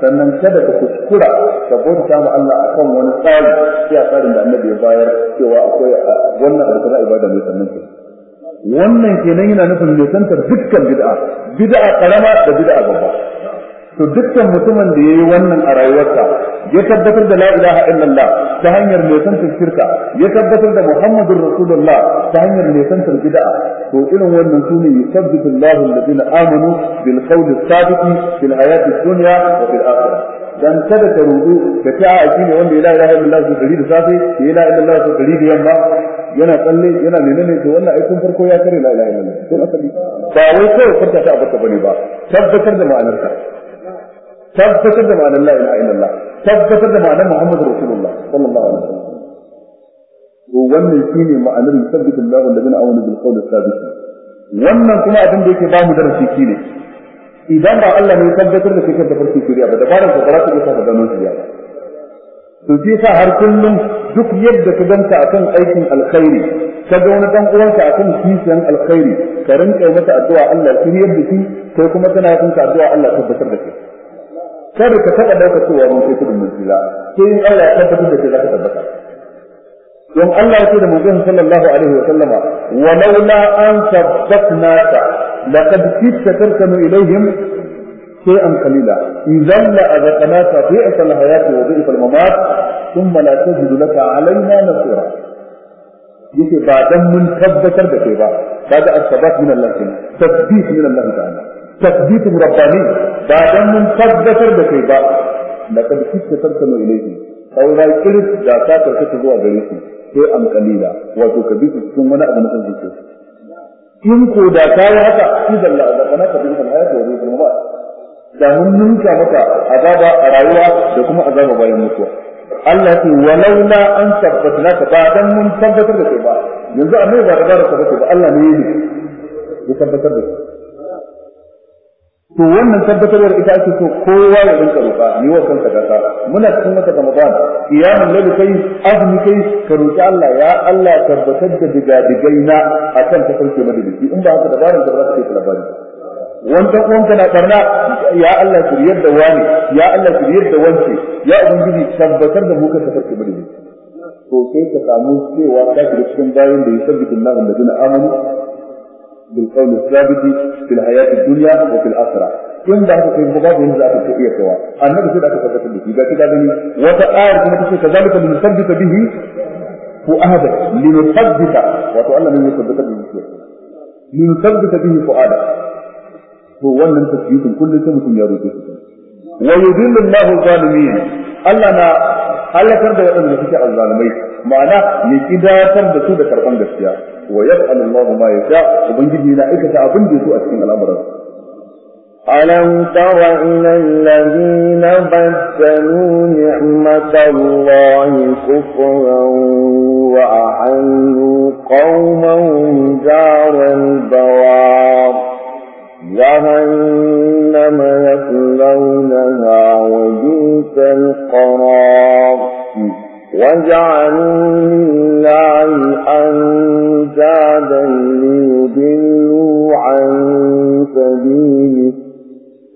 sannan kada ka kuskura ka bauta ma Allah akan wani tsari sai a tsarin da annabi ya bayar cewa akwai wannan alƙara ibada mai sannan ke wannan kenan yana nufin nisantar dukkan bid'a bid'a karama da bid'a babba to dukkan mutumin da yayi wannan a rayuwarsa ya tabbatar da la ilaha illallah ta hanyar nisantar shirka ya tabbatar da muhammadur rasulullah ta hanyar nisantar bid'a to irin wannan sune yusabbitu Allahu alladhina amanu bil qawli as-sabiq fil hayati ad-dunya wa fil akhirah dan kada ka rudu da ta aiki ne wanda la ilaha illallah su dari da safe ya la ilaha illallah su dari da yamma yana tsalle yana menene to wannan aikun farko ya kare la ilaha illallah to asali ba wai kawai ka ta abarka bane ba tabbatar da ma'anarka tabbatar da ma'anar la ilaha illallah tabbatar da ma'anar Muhammadu Rasulullah sallallahu alaihi wasallam to wannan shine ma'anar da Allahu alladhina amanu bil qawli sabit wannan kuma abin da yake ba mu darasi shine idan ba Allah ne tabbatar da kake da farki shirya ba dabaran ka ba za ka iya ka gano shirya ba to shi sa har kullum duk yadda ka danta akan aikin alkhairi ka ga wani dan uwanka akan kishiyan alkhairi ka rinka masa addu'a Allah shi yadda shi kai kuma kana yin addu'a Allah tabbatar da kai kada ka taɓa ɗaukar cewa mun kai tudun mun tsira sai in Allah ya tabbatar da ke za ka tabbata don Allah ya ce da manzon sallallahu alaihi wa sallama walaula an sabbatnaka laqad kitta tarkanu ilaihim شيئا قليلا إذا لأذقناك ضعف الحياة وضعف الممات ثم لا تجد لك علينا نصيرا yake ba dan mun tabbatar da kai ba kaga asabat min Allah kin min Allah ta'ala tasbitin rabbani ba dan mun tabbatar da kai ba da kan kike tarkano ilaihi saura kiris da ka tarkata zuwa gare shi sai am kalila wato ka bi cikin wani abu na zuci in ko yi haka idan la azabana ka bin hayati wa ruhul ba da mun ninka maka azaba a rayuwa da kuma azaba bayan mutuwa Allah ce walaula an tabbatna ka ba mun tabbatar da yanzu annabi ba da ba ba Allah ya tabbatar da to wannan tabbatarwar ita ake so kowa ya rinka roƙa yi wa kanka gata muna cikin wata ramadan qiyamul layl kai azumi kai ka roƙi Allah ya Allah tabbatar da digadigai na akan ta farke madubi. in ba haka dabaran da ba za ke kai labari wancan uwanka na karna ya Allah shiryar da wani ya Allah shiryar da wance ya ubangiji tabbatar da mu kan ta farke madalisi to sai ka samu cewa ka shiga cikin bayan da yusabbitu Allahu alladhina amanu بالقول الثابت في الحياة الدنيا وفي الآخرة كم بعد في المباد من ذات الشيء سواء أن نبي سيد أتفق تلك إذا كده بني وتقار كما تشير كذلك لنثبت به فؤادة لنثبت وتقال من يثبت به فؤادة لنثبت به فؤادة هو أن تثبت كل سنة يا ربي ويدل الله الظالمين ألا أنا هل كان بيقول لك الظالمين Ma'ana ni kidatar da su da karɓan gaskiya. Waye Alaylau'uma ya sa bangin daina in ka sa abin da ya a cikin al'amuran su? A lantarkin nan da biyu na ban sanuniya, matsalar yanzu suna ruwa a hannu kuma wun dawa, Zahra na manasa launa وجعلوا لله أندادا ليضلوا عن سبيله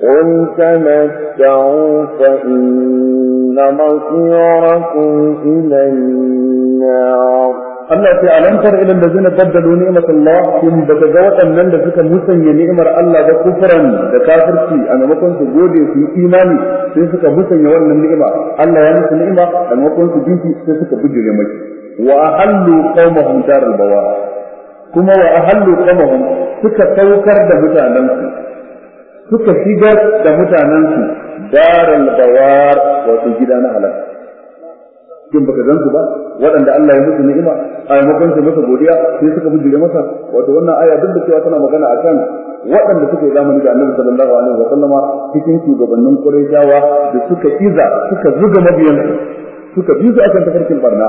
قل تمتعوا فإن مصيركم إلى النار Allah ya sai alam tar ila allazina baddalu ni'matallah kun ba ga waɗannan da suka musanya ni'imar Allah da kufran da kafirci a maimakon su gode su yi imani sai suka musanya wannan ni'ima Allah ya musu ni'ima a maimakon su bi sai suka bujire mai wa ahallu qaumahum dar bawar kuma wa ahallu qaumahum suka saukar da mutanensu suka shigar da mutanensu daral bawar wato gida na halaka kin baka gansu ba waɗanda Allah ya musu ni'ima a maimakon su masa godiya sai suka bujire masa wato wannan aya duk da cewa tana magana akan waɗanda suka yi zamani da Annabi sallallahu alaihi wa sallama cikin shugabannin Qurayshawa da suka iza suka zuga mabiyan suka bi su akan tafarkin barna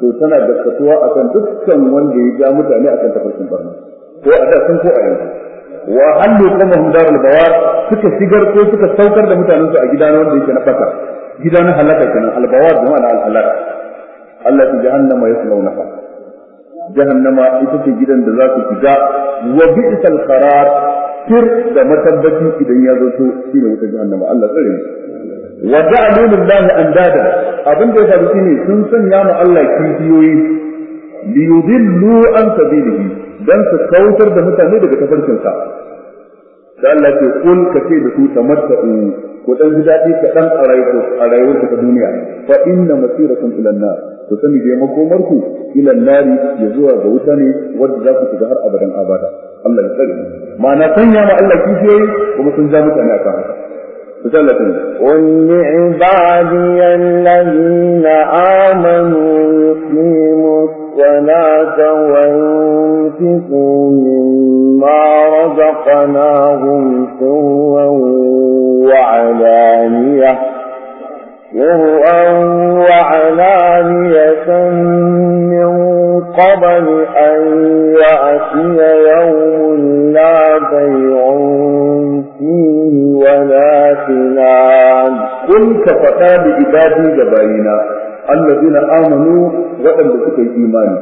to tana da kasuwa akan dukkan wanda ya ja mutane akan tafarkin barna ko a da sun ko a yanzu wa hallu qamahum darul bawar suka shigar ko suka saukar da mutanen su a gidana wanda yake na fata gidana halaka kenan albawar da ma'ana al-halaka Allah ta jahannama ya nafa, jahannama ita ce gidan da za ku shiga wa bi'sal qarar tir da matabbaci idan ya zo shi ne wuta jahannama Allah tsare mu wa ja'alu lillahi andada abin da ya faru shine sun sanya ma Allah kifiyoyi li yudillu an sabilihi dan su kautar da mutane daga tafarkinsa da Allah ke kun ce da su tamatta'u ku dan ji ka kaɗan a rayuwar ta duniya fa inna masirakum ila an-nar ku sani dai makomar ku ila nari ya zuwa ga wuta ne wanda za ku shiga har abadan abada Allah ya tsare ma'ana sanya ma Allah kishiyoyi kuma sun ja mutane a kan قل لعبادي الذين آمنوا يقيموا الصلاة وينفقوا مما رزقناهم سرا وعلانية سرعا وعلانية من قبل أن يأتي يوم لا بيع فيه ولا خلال قل كفتا بإبادي جبائنا الذين آمنوا وأن بسكوا الإيمان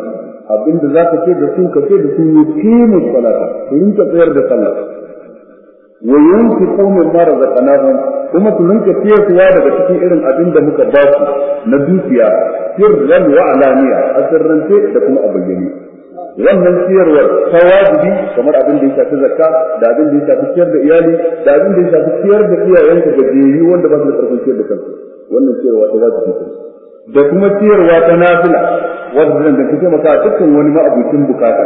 abinda za ka ce da su ka ce da su yi kimu salata su rinka tsayar da sallah wa yunfiqu da razaqnahum kuma su rinka ciyarwa daga cikin irin abin da muka ba su na dukiya sirran wa alaniya a sirrance da kuma a bayyane wannan ciyarwar ta wajibi kamar abin da ya shafi zakka da abin da ya shafi ciyar da iyali da abin da ya shafi ciyar da iyayenka gajiyayyu wanda ba su da karfin ciyar da kansu wannan ciyarwa ta wajibi da kuma ciyarwa ta nafila wanda zan ganci taimaka dukkan wani ma'abucin bukata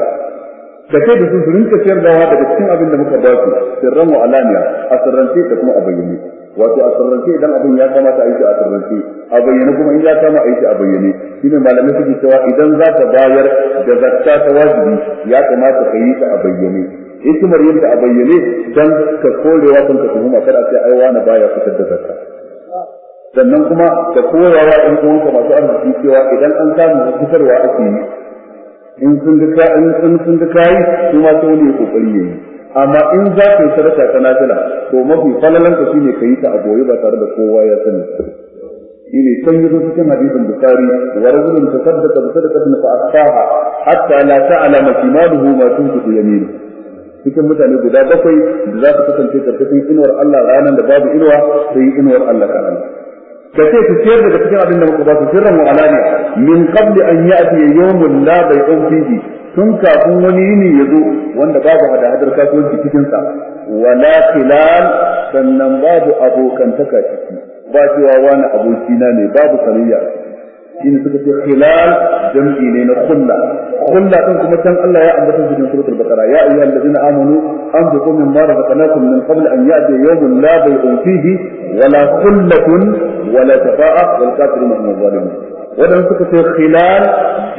da kai da su su rinka ciyar da daga cikin abin da muka ba su sirran wa alaniya a sirrance da kuma a bayyane wato a sirrance idan abin ya kamata a yi shi a sirrance a bayyane kuma in ya kama a yi shi a bayyane shine malamai suke cewa idan za ka bayar da zakka ta wajibi ya kamata ka yi ta a bayyane hikimar yin ta a bayyane dan ka korewa kan ka tuhuma kada sai ai wani baya fitar da zakka sannan kuma ka koyawa ɗan uwanka masu arziki cewa idan an samu fitarwa ake yi in sun ga in sun ga kai su ma sai ne kokari yayi amma in za ka yi sadaka ta nafila to mafi falalan ka shine kai ta a goye ba tare da kowa ya sani shine san yi zo cikin hadisin bukhari wa rajulun tasaddaqa bi sadaqatin fa asfaha hatta la ta'lama shimaluhu ma tunfiqu yaminuhu cikin mutane guda bakwai da za su kasance karkashin inuwar Allah ranar da babu inuwa sai inuwar Allah kaɗan. ka ce ku ciyar daga cikin abin da muka ba su sirran wa alaniya min qabli an yi yawmun la bay'un fihi tun kafin wani ne ya zo wanda babu hada-hadar kasuwanci cikin sa wala khilal sannan babu abokantaka ciki ba cewa wani abokina ne babu sarayya shi ne suka ce khilal jam'i ne na kulla, kulla din kuma can Allah ya ambata cikin suratul baqara ya ayyuha allazina amanu anfiqu mimma razaqnakum min qabl an ya'ti yawmun la bay'un fihi wala khullatun wala tafa'a wal kafirun hum zalimun wadan suka ce khilal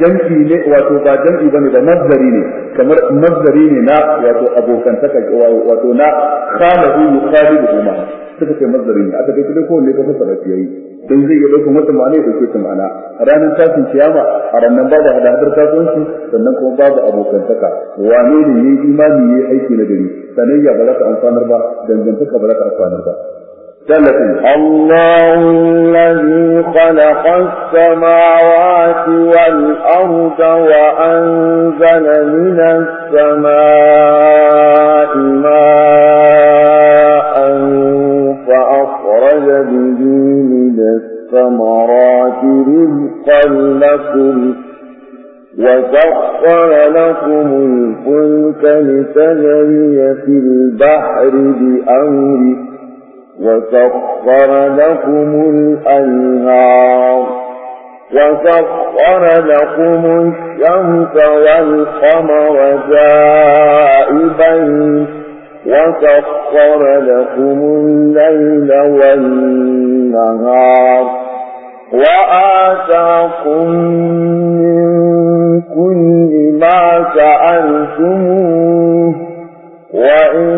jam'i ne wato ba jam'i bane da nazari ne kamar nazari ne na wato abokan saka wato na khalahu yuqabilu ma suka ce mazari ne aka kai ko ne ka fasa da yayi don zai iya ɗaukar wata ma'ana ya ɗauke ta ma'ana a ranar tashin kiyama a ranar babu hada-hadar kasuwanci sannan kuma babu abokantaka wane ne ya yi imani ya yi aiki na gari sanayya ba za amfanar ba dangantaka ba za ta amfanar ba الله الذي خلق السماوات والأرض وأنزل من السماء ماء الثمرات رزقا لكم وسخر لكم الفلك لتجري في البحر بأمره وسخر لكم الأنهار وسخر لكم الشمس والقمر دائبين وسخر لكم الليل والنهار وآتاكم من كل ما سألتموه وإن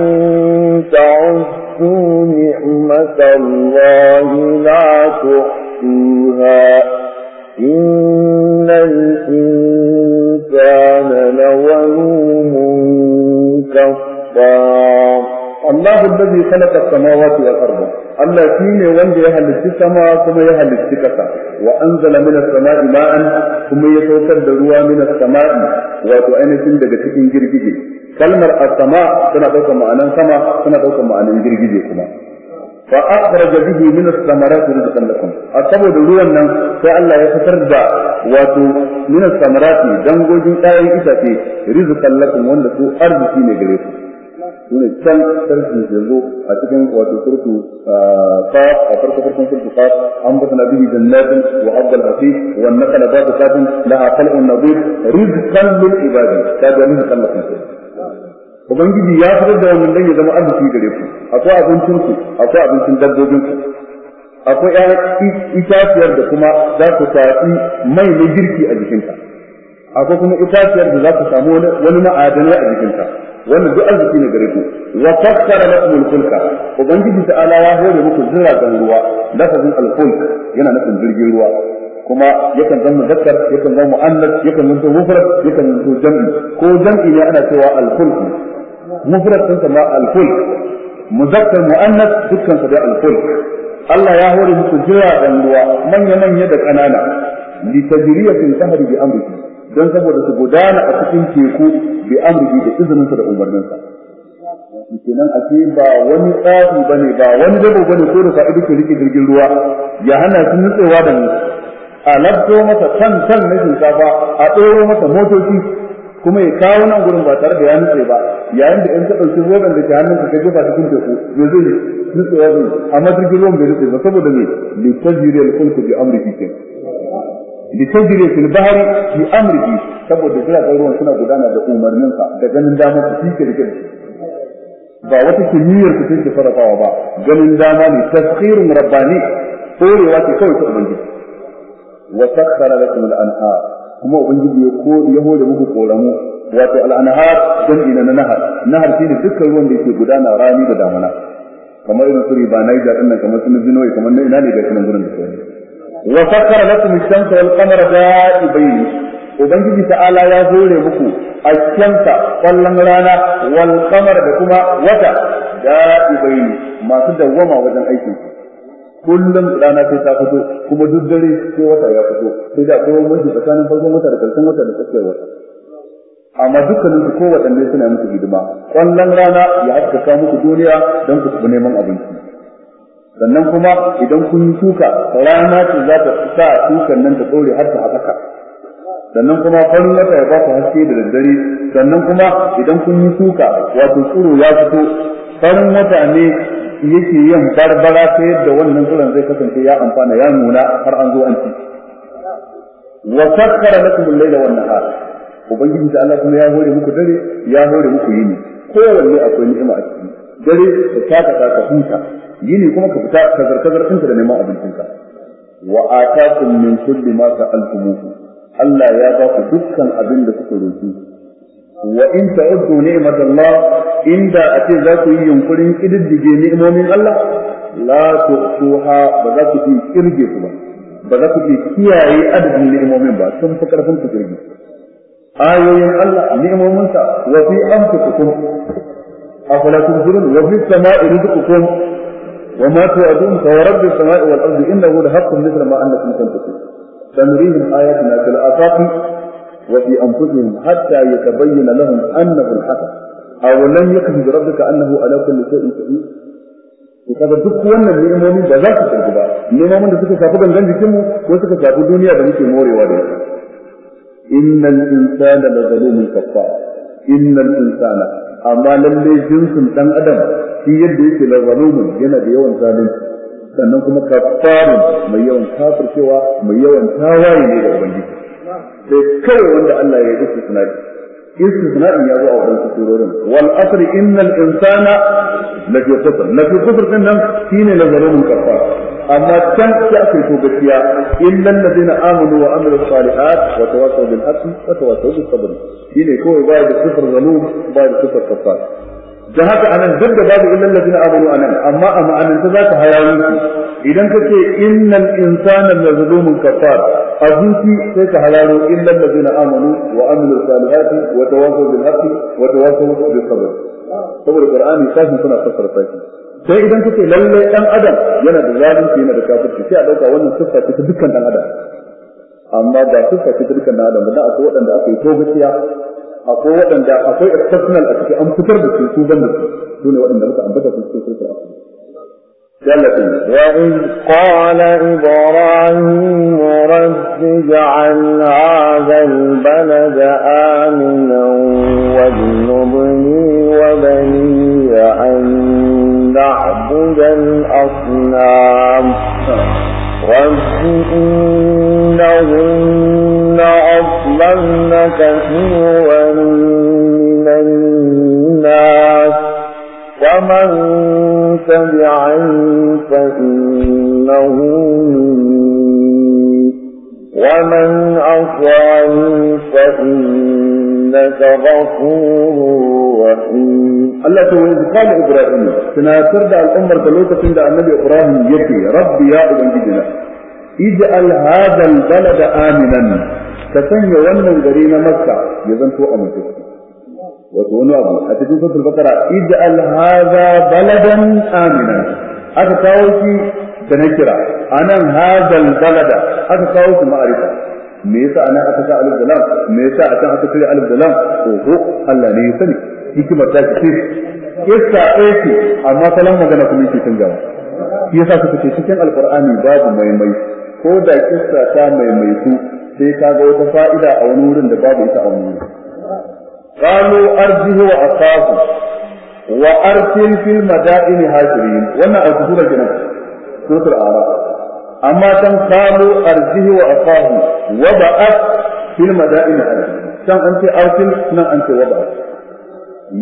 تعدوا نعمة الله لا تحصيها إن الإنسان لظلوم كفار Allahu allazi khalaqa as-samawati wal arda Allah shine wanda ya halitta sama kuma ya halitta kasa wa anzala minas sama'i kuma ya saukar da ruwa minas sama'i wato ainihin daga cikin girgije kalmar as-sama tana daukar ma'anan sama tana daukar ma'anan girgije kuma fa akhraja bihi min as-samarati rizqan lakum a saboda ruwan nan sai Allah ya fitar da wato min as dangogin kayan itace rizqan wanda arziki ne gare ne can sarki da a cikin wato surtu fa a farko farkon surtu fa an bata na bihi jannatin wa abdal hafiz wa nakala ba ta fatin la aqalun nadir rizqan lil ibadi ka ga min kallatin ubangiji ya fitar da wannan dan ya zama arziki gare ku akwai abincin ku akwai abincin dabbobin ku akwai ƴan itaciyar da kuma za ku tafi mai na girki a jikinka akwai kuma itaciyar da za ku samu wani ma'adanai a jikinka wannan duk arziki ne gare ku wa fakkara lakum al-fulka ubangiji Ala ya hore muku jiragen ruwa lafazin al-fulk yana nufin jirgin ruwa kuma yakan zan muzakkar yakan zan mu'annas yakan zan mufrad yakan zan jam'i ko jam'i ne ana cewa al-fulk mufrad din ma al-fulk mu'annas dukkan su da al Allah ya hore muku jiragen ruwa manya-manya da ƙanana litajriyatin tahri bi amrihi don saboda su gudana a cikin teku bi amri da izininsa da umarninsa kenan a ce ba wani tsafi bane ba wani dabo bane ko da fa'idu ke rike jirgin ruwa ya hana su nutsewa da ni a labto masa kan can na shinkafa a tsoro masa motoci kuma ya kawo nan gurin ba tare da ya nutse ba yayin da yan ka ɗauki roban da ke hannunka ka ba cikin teku me zai nutsewa zai amma jirgin ruwan bai nutse ba saboda me litajiriyar kulku bi amrihi kenan bi tajri fil bahri bi amrihi saboda jiragen ruwan suna gudana da umarninsa da ganin dama su ke rike ba wata kimiyyar su take sarrafawa ba ganin dama ne tasqirun rabbani korewa ke kawai ta ubangiji wa sakhara lakum al-anhar kuma ubangiji ya ko ya hore muku koramu wato al-anhar dan ina na nahar nahar shine dukkan ruwan da yake gudana rani da damuna kamar irin su ba Niger din nan kamar su Benue kamar na ina ne ga kanan gurin da sauransu wa sakkara lakum ash-shamsa wal qamara da'ibayn ubangiji ta'ala ya hore muku ash-shamsa kallon rana wal da kuma wata da'ibayn masu dawwama wajen aikin kullum rana sai ta fito kuma duk dare sai wata ya fito sai da akwai wani tsakanin farkon wata da karshen wata da tsakiyar wata amma dukkanin su kowaɗanne suna musu hidima kwallon rana ya haskaka muku duniya don ku tafi neman abinci sannan kuma idan kun yi tuka rana ce za ta sa tukan nan ta ɗore har ta haɓaka sannan kuma farin wata ya ba ta haske da daddare sannan kuma idan kun yi tuka wato tsiro ya fito farin wata ne yake yin barbara ta yadda wannan tsiron zai kasance ya amfana ya nuna har an zo an ci wa sakkara lakum al-laila wan nahar ubangiji ta Allah kuma ya hore muku dare ya hore muku yini kowanne akwai ni'ima a ciki dare ka taka huta yini kuma ka fita kazar kazar ɗinka da neman abincinka wa a atakum min kulli ma sa'altumuhu Allah ya ba ku dukkan abin da kuka roki wa in ta'uddu ni'matallah inda ce za ku yi yunkurin kididdige ni'imomin Allah la tuhsuha ba za ku yi kirge ku ba ba za ku yi kiyaye adadin ni'imomin ba sun fi karfin ku kirge ayoyin Allah ni'imominsa wa fi anfusikum afala tubsirun wa fi samai rizqukum وما توعدون فهو رب السماء والأرض إنه لحق مثل ما أنكم تنطقون سنريهم آياتنا في الآفاق وفي أنفسهم حتى يتبين لهم أنه الحق أو لم يكن بربك أنه على كل شيء شهيد kaga duk wannan ni'imomi ba za su tafi ba ni'imomin da suka shafi gangan jikinmu ko suka shafi duniya da muke morewa da ita innal insana la zalumun kafar innal insana amma lalle jinsin dan adam shi yadda yake lazalumun yana da yawan zalunci sannan kuma kafarun mai yawan kafircewa mai yawan tawaye ne da ubangiji sai kawai wanda Allah ya yi suna istisnai istisnai ya zo a wadansu surorin wal asr innal insana lafi kufr lafi kufr din nan shine lazalumun kafar amma can sai aka yi gaskiya illal ladina amanu wa amilu salihat wa tawassaw bil haqqi wa tawassaw bis sabr shine kawai ba da kufr zalum ba da kufr kafar da haka anan duk da babu illal ladina amanu anan amma a ma'anan ta zaka hayawo idan ka ce innal insana lazulumun kafar a zuci sai ka halalo illal ladina amanu wa amilu salihati wa tawasaw bil haqqi wa tawasaw bil sabr saboda qur'ani kafin suna fassara shi sai idan ka ce lalle dan adam yana da zalunci yana da kafirci sai a dauka wannan siffa ce ta dukkan dan adam amma ba siffa ce ta dukkan dan adam ba da akwai waɗanda aka yi to أقوى أن جاءت أقوى اقتصنا الأسكة أن تتربت في سوء جنبك دون وإن ربك أن بدأت في سوء وَإِذْ قَالَ إِبْرَاهِيمُ رَبِّ اجْعَلْ هَٰذَا الْبَلَدَ آمِنًا وَاجْنُبْنِي وَبَنِيَّ أَن نَّعْبُدَ الْأَصْنَامَ آه. رب إنهن أضللن كثيرا من الناس ومن تبعني فإنه ومن أطعني فإنه إنك غفور رحيم الله تو إذ قال إبراهيم سنا دا الأمر تلوكة عند النبي إبراهيم يكي ربي يا جدنا اجعل هذا البلد آمنا كسن يولن غرينا مكة يزن سوء أمن وتقول أبو أتجد سورة البقرة اجعل هذا بلدا آمنا أتقاوكي تنكرا أنا هذا البلد أتقاوكي معرفة me yasa anan aka sa alif da lam me yasa akan aka cire alif da lam oho Allah ne ya sani hikimar ta ce kissa ce amma salon magana kuma yake canjawa shi yasa suka ce cikin alqur'ani babu maimai ko da kissa ta maimaitu sai ka ga wata fa'ida a wani wurin da babu ita a wani wurin wa أرجه wa وأرسل في المدائن هاجرين wannan أرجو لك نفسي سورة الأعراف amma kan kamo arzihi wa aqahu wa ba'at fil madain al san anti arsil nan anti wa ba'at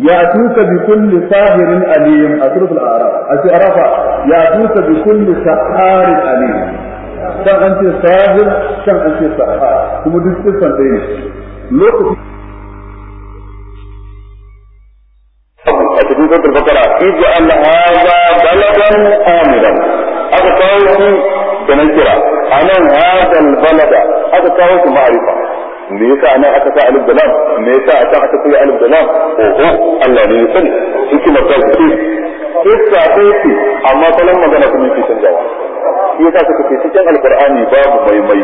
ya atuka bi kulli sahirin alim asrul araf asy arafa ya atuka bi kulli sahirin alim san anti sahir san anti sahar kuma duk sun san dai lokaci أتبقى البقرة إذ جعل هذا بلدا آمنا أبقى ta nakira anan hadal balada aka kawo su ma'arifa me yasa anan aka sa alif da lam me yasa aka aka sa alif da lam oho Allah ne ya sani hikimar ta ce kissa ce amma salon magana kuma yake canjawa shi yasa suka ce cikin alqur'ani babu maimai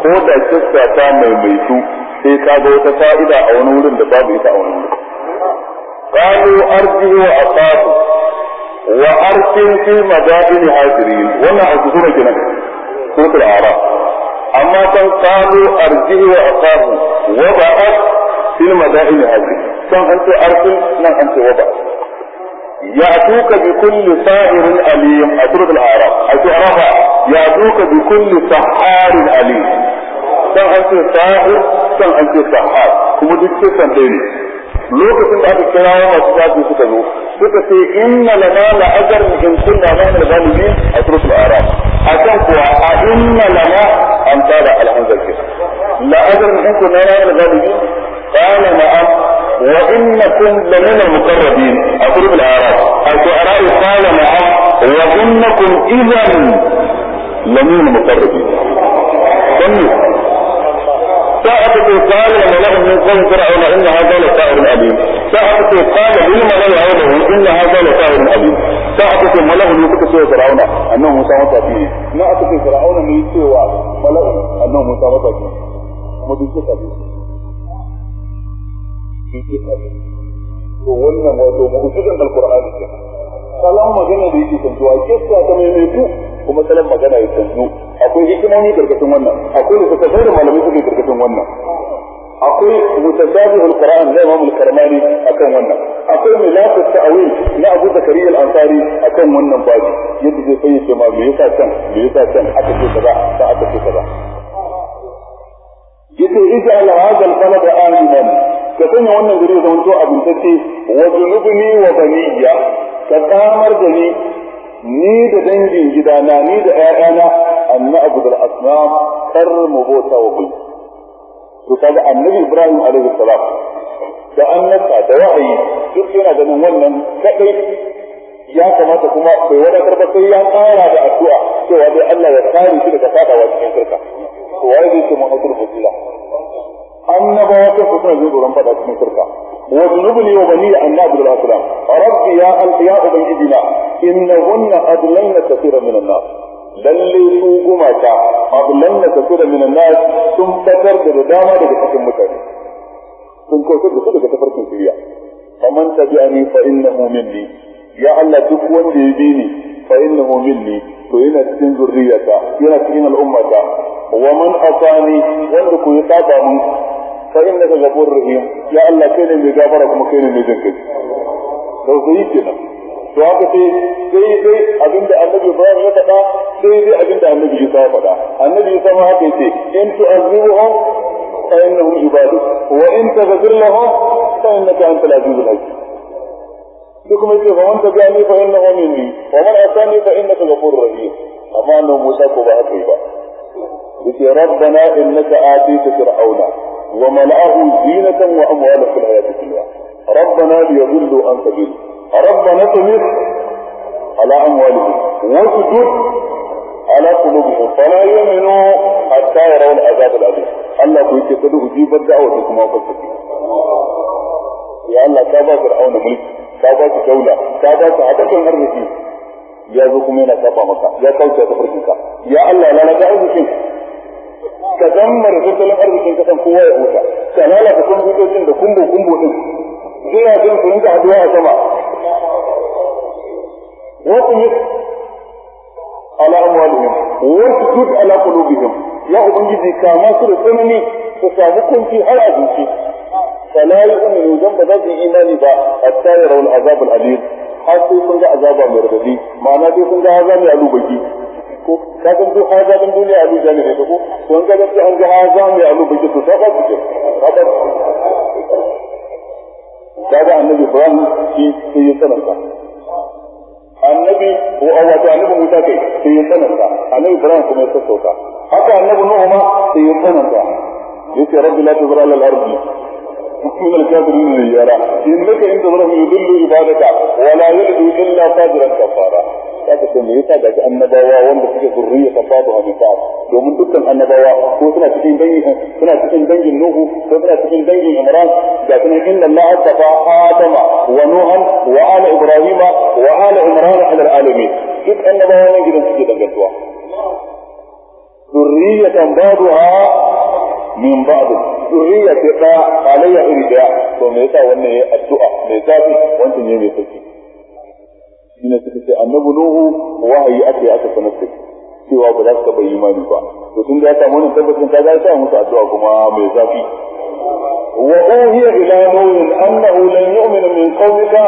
ko da kissa ta maimaitu sai ka ga wata fa'ida a wani wurin da babu ita a wani wurin قالوا أرجه وأخافه وأرسل في مدائن هاجرين وما أجهر جنبه سورة الأعراف أما كان قالوا أرجه وأقاموا وضعت في المدائن هذه كان أنت أرسل نعم أنت وضع يأتوك بكل ساحر أليم سورة الأعراف حيث أعرف يأتوك بكل سحار أليم كان أنت ساحر كان أنت سحار كم دكتور ليه lokacin da aka kira wa masu zafi suka zo suka ce inna lana la ajr in kunna nahnu al-ghalibin atrus al-arab akan kuwa a inna lana an tada al-hanzal kisa la ajr in kunna nahnu al-ghalibin qala na'am wa innakum lamin al-muqarrabin atrus al-arab al-shu'ara qala na'am wa innakum idhan lamin al-muqarrabin ساعة قال لما لهم من قوم فرعون إن هذا لسائر أليم ساعة قال لما لا إن هذا لسائر أليم ساعة ما لهم يكتب فرعون أنه مسامة فيه ما أكتب فرعون من يكتب ملأ أنه مسامة فيه مدرسة فيه to wannan wato mu'jizan alqur'ani ke salon magana da yake tantuwa kissa ta maimaitu kuma salon magana ya tantu akwai hikimomi karkashin wannan akwai littattafai da malamai suke karkashin wannan akwai mutasabihul qur'an da imam al-karmani akan wannan akwai milatut ta'wil na abu zakariya al-ansari akan wannan babu yadda zai fayyace ma me yasa can me yasa can aka ce kaza ta aka ce kaza yace ij'al hadha al-balad aminan ka sanya wannan gari zama to abin tace wa junubni wa baniya ka kamar da ni ni da dangin gidana ni da ƴaƴana anna da asnam kar mu bota wa gunki to kaga annabi ibrahim alaihi salam da annabta da wahayi duk yana ganin wannan kadai ya kamata kuma bai wadatar ba sai ya tsara da addu'a cewa dai Allah ya kare shi daga fadawa cikin shirka to wai zai ce mu hakuri fusila annabawa kan suna zai doron fada cikin shirka واجنبني وبني أن نعبد الأصنام ربي يا ألقياء بيدنا إنهن أضللن كثيرا من الناس lalle su gumaka abullan na tafi da minan sun fitar da dama daga cikin mutane sun kauce da su daga tafarkin shirya faman tabi'ani fa innahu minni ya Allah duk wanda ya bini ni fa innahu minni yana cikin yana cikin al'ummata wa wanda ku ya saba mun fa inna innaka ghafurur rahim ya Allah kai ne mai gafara kuma kai ne mai jinkai tausayi kenan to haka sai sai dai abinda annabi Ibrahim ya faɗa sai dai abinda annabi Isa ya faɗa annabi Isa ma haka yace in tu'azibuhum fa innahum ibaduk wa in taghfir lahum fa innaka antal azizul hakim duk mai ce fa man tabi'ani fa innahu minni wa man asani fa innaka ghafurur rahim amma annabi Musa ko ba haka yi ba yace rabbana innaka atita fir'auna وملأه زينة وأموالا في الحياة الدنيا ربنا ليضلوا عن سبيلك ربنا تمر على أموالهم واسجد على قلوبهم فلا يؤمنوا حتى يروا العذاب الأليم الله كنت قد أجيب دعوتكم وفقتكم يا الله كابا فرعون ملك كابا دولة كابا عبكم أرضكم ya zo kuma yana kafa يا ya يا ta farkinka ya Allah lalata ka marasa tattalin arzikin kasan kowa ya huta ka lalata kwamfutocin da kumbo kumbo din zuwa jin su rinka haduwa a sama wasu yi ala amwalihim wasu tut ala qulubihim ya ubangiji kama su da tsanani su samu kunci har a zuci فلا يؤمنوا ذنب ذات إيمان با حتى يروا العذاب الأليم har sai sun ga azaba mai radadi ma'ana sai sun ga azaba mai alubaki ko ka san duk azabin duniya a jami ne ko ko an ga da an ga azabin abu bai su saka su ce ba annabi Ibrahim shi sai ya sanarka annabi wa wato annabi Musa kai sai ya sanarka annabi Ibrahim kuma ya haka annabi Nuhu ma sai ya sanarka yace rabbi la tuzra lil ardi من الكافرين من يرى إنك إن تظلم يضل عبادك ولا يلد إلا فاجرا كفارا haka ce me yasa daga annabawa wanda suke zurriya ta babu a misal domin dukkan annabawa ko suna cikin dangin suna cikin dangin nuhu ko suna cikin dangin imran ga kuma inna allaha tafa adama wa nuhan wa ala ibrahima wa ala imran ala alamin duk annabawa ne gidan suke dangantuwa zurriyatan babuha min ba'du zuriya ce ta halayya iri daya to me yasa wannan yayi addu'a me zafi wancan yayi mai sauki shine suka ce annabi nuhu wahayi ake aka sanar cewa ba za ka bayyana ni ba to tun da ya samu wannan tabbacin ka ga sai musu addu'a kuma me zafi wa uhiya ila nuhin annahu lan yu'minu min qawmika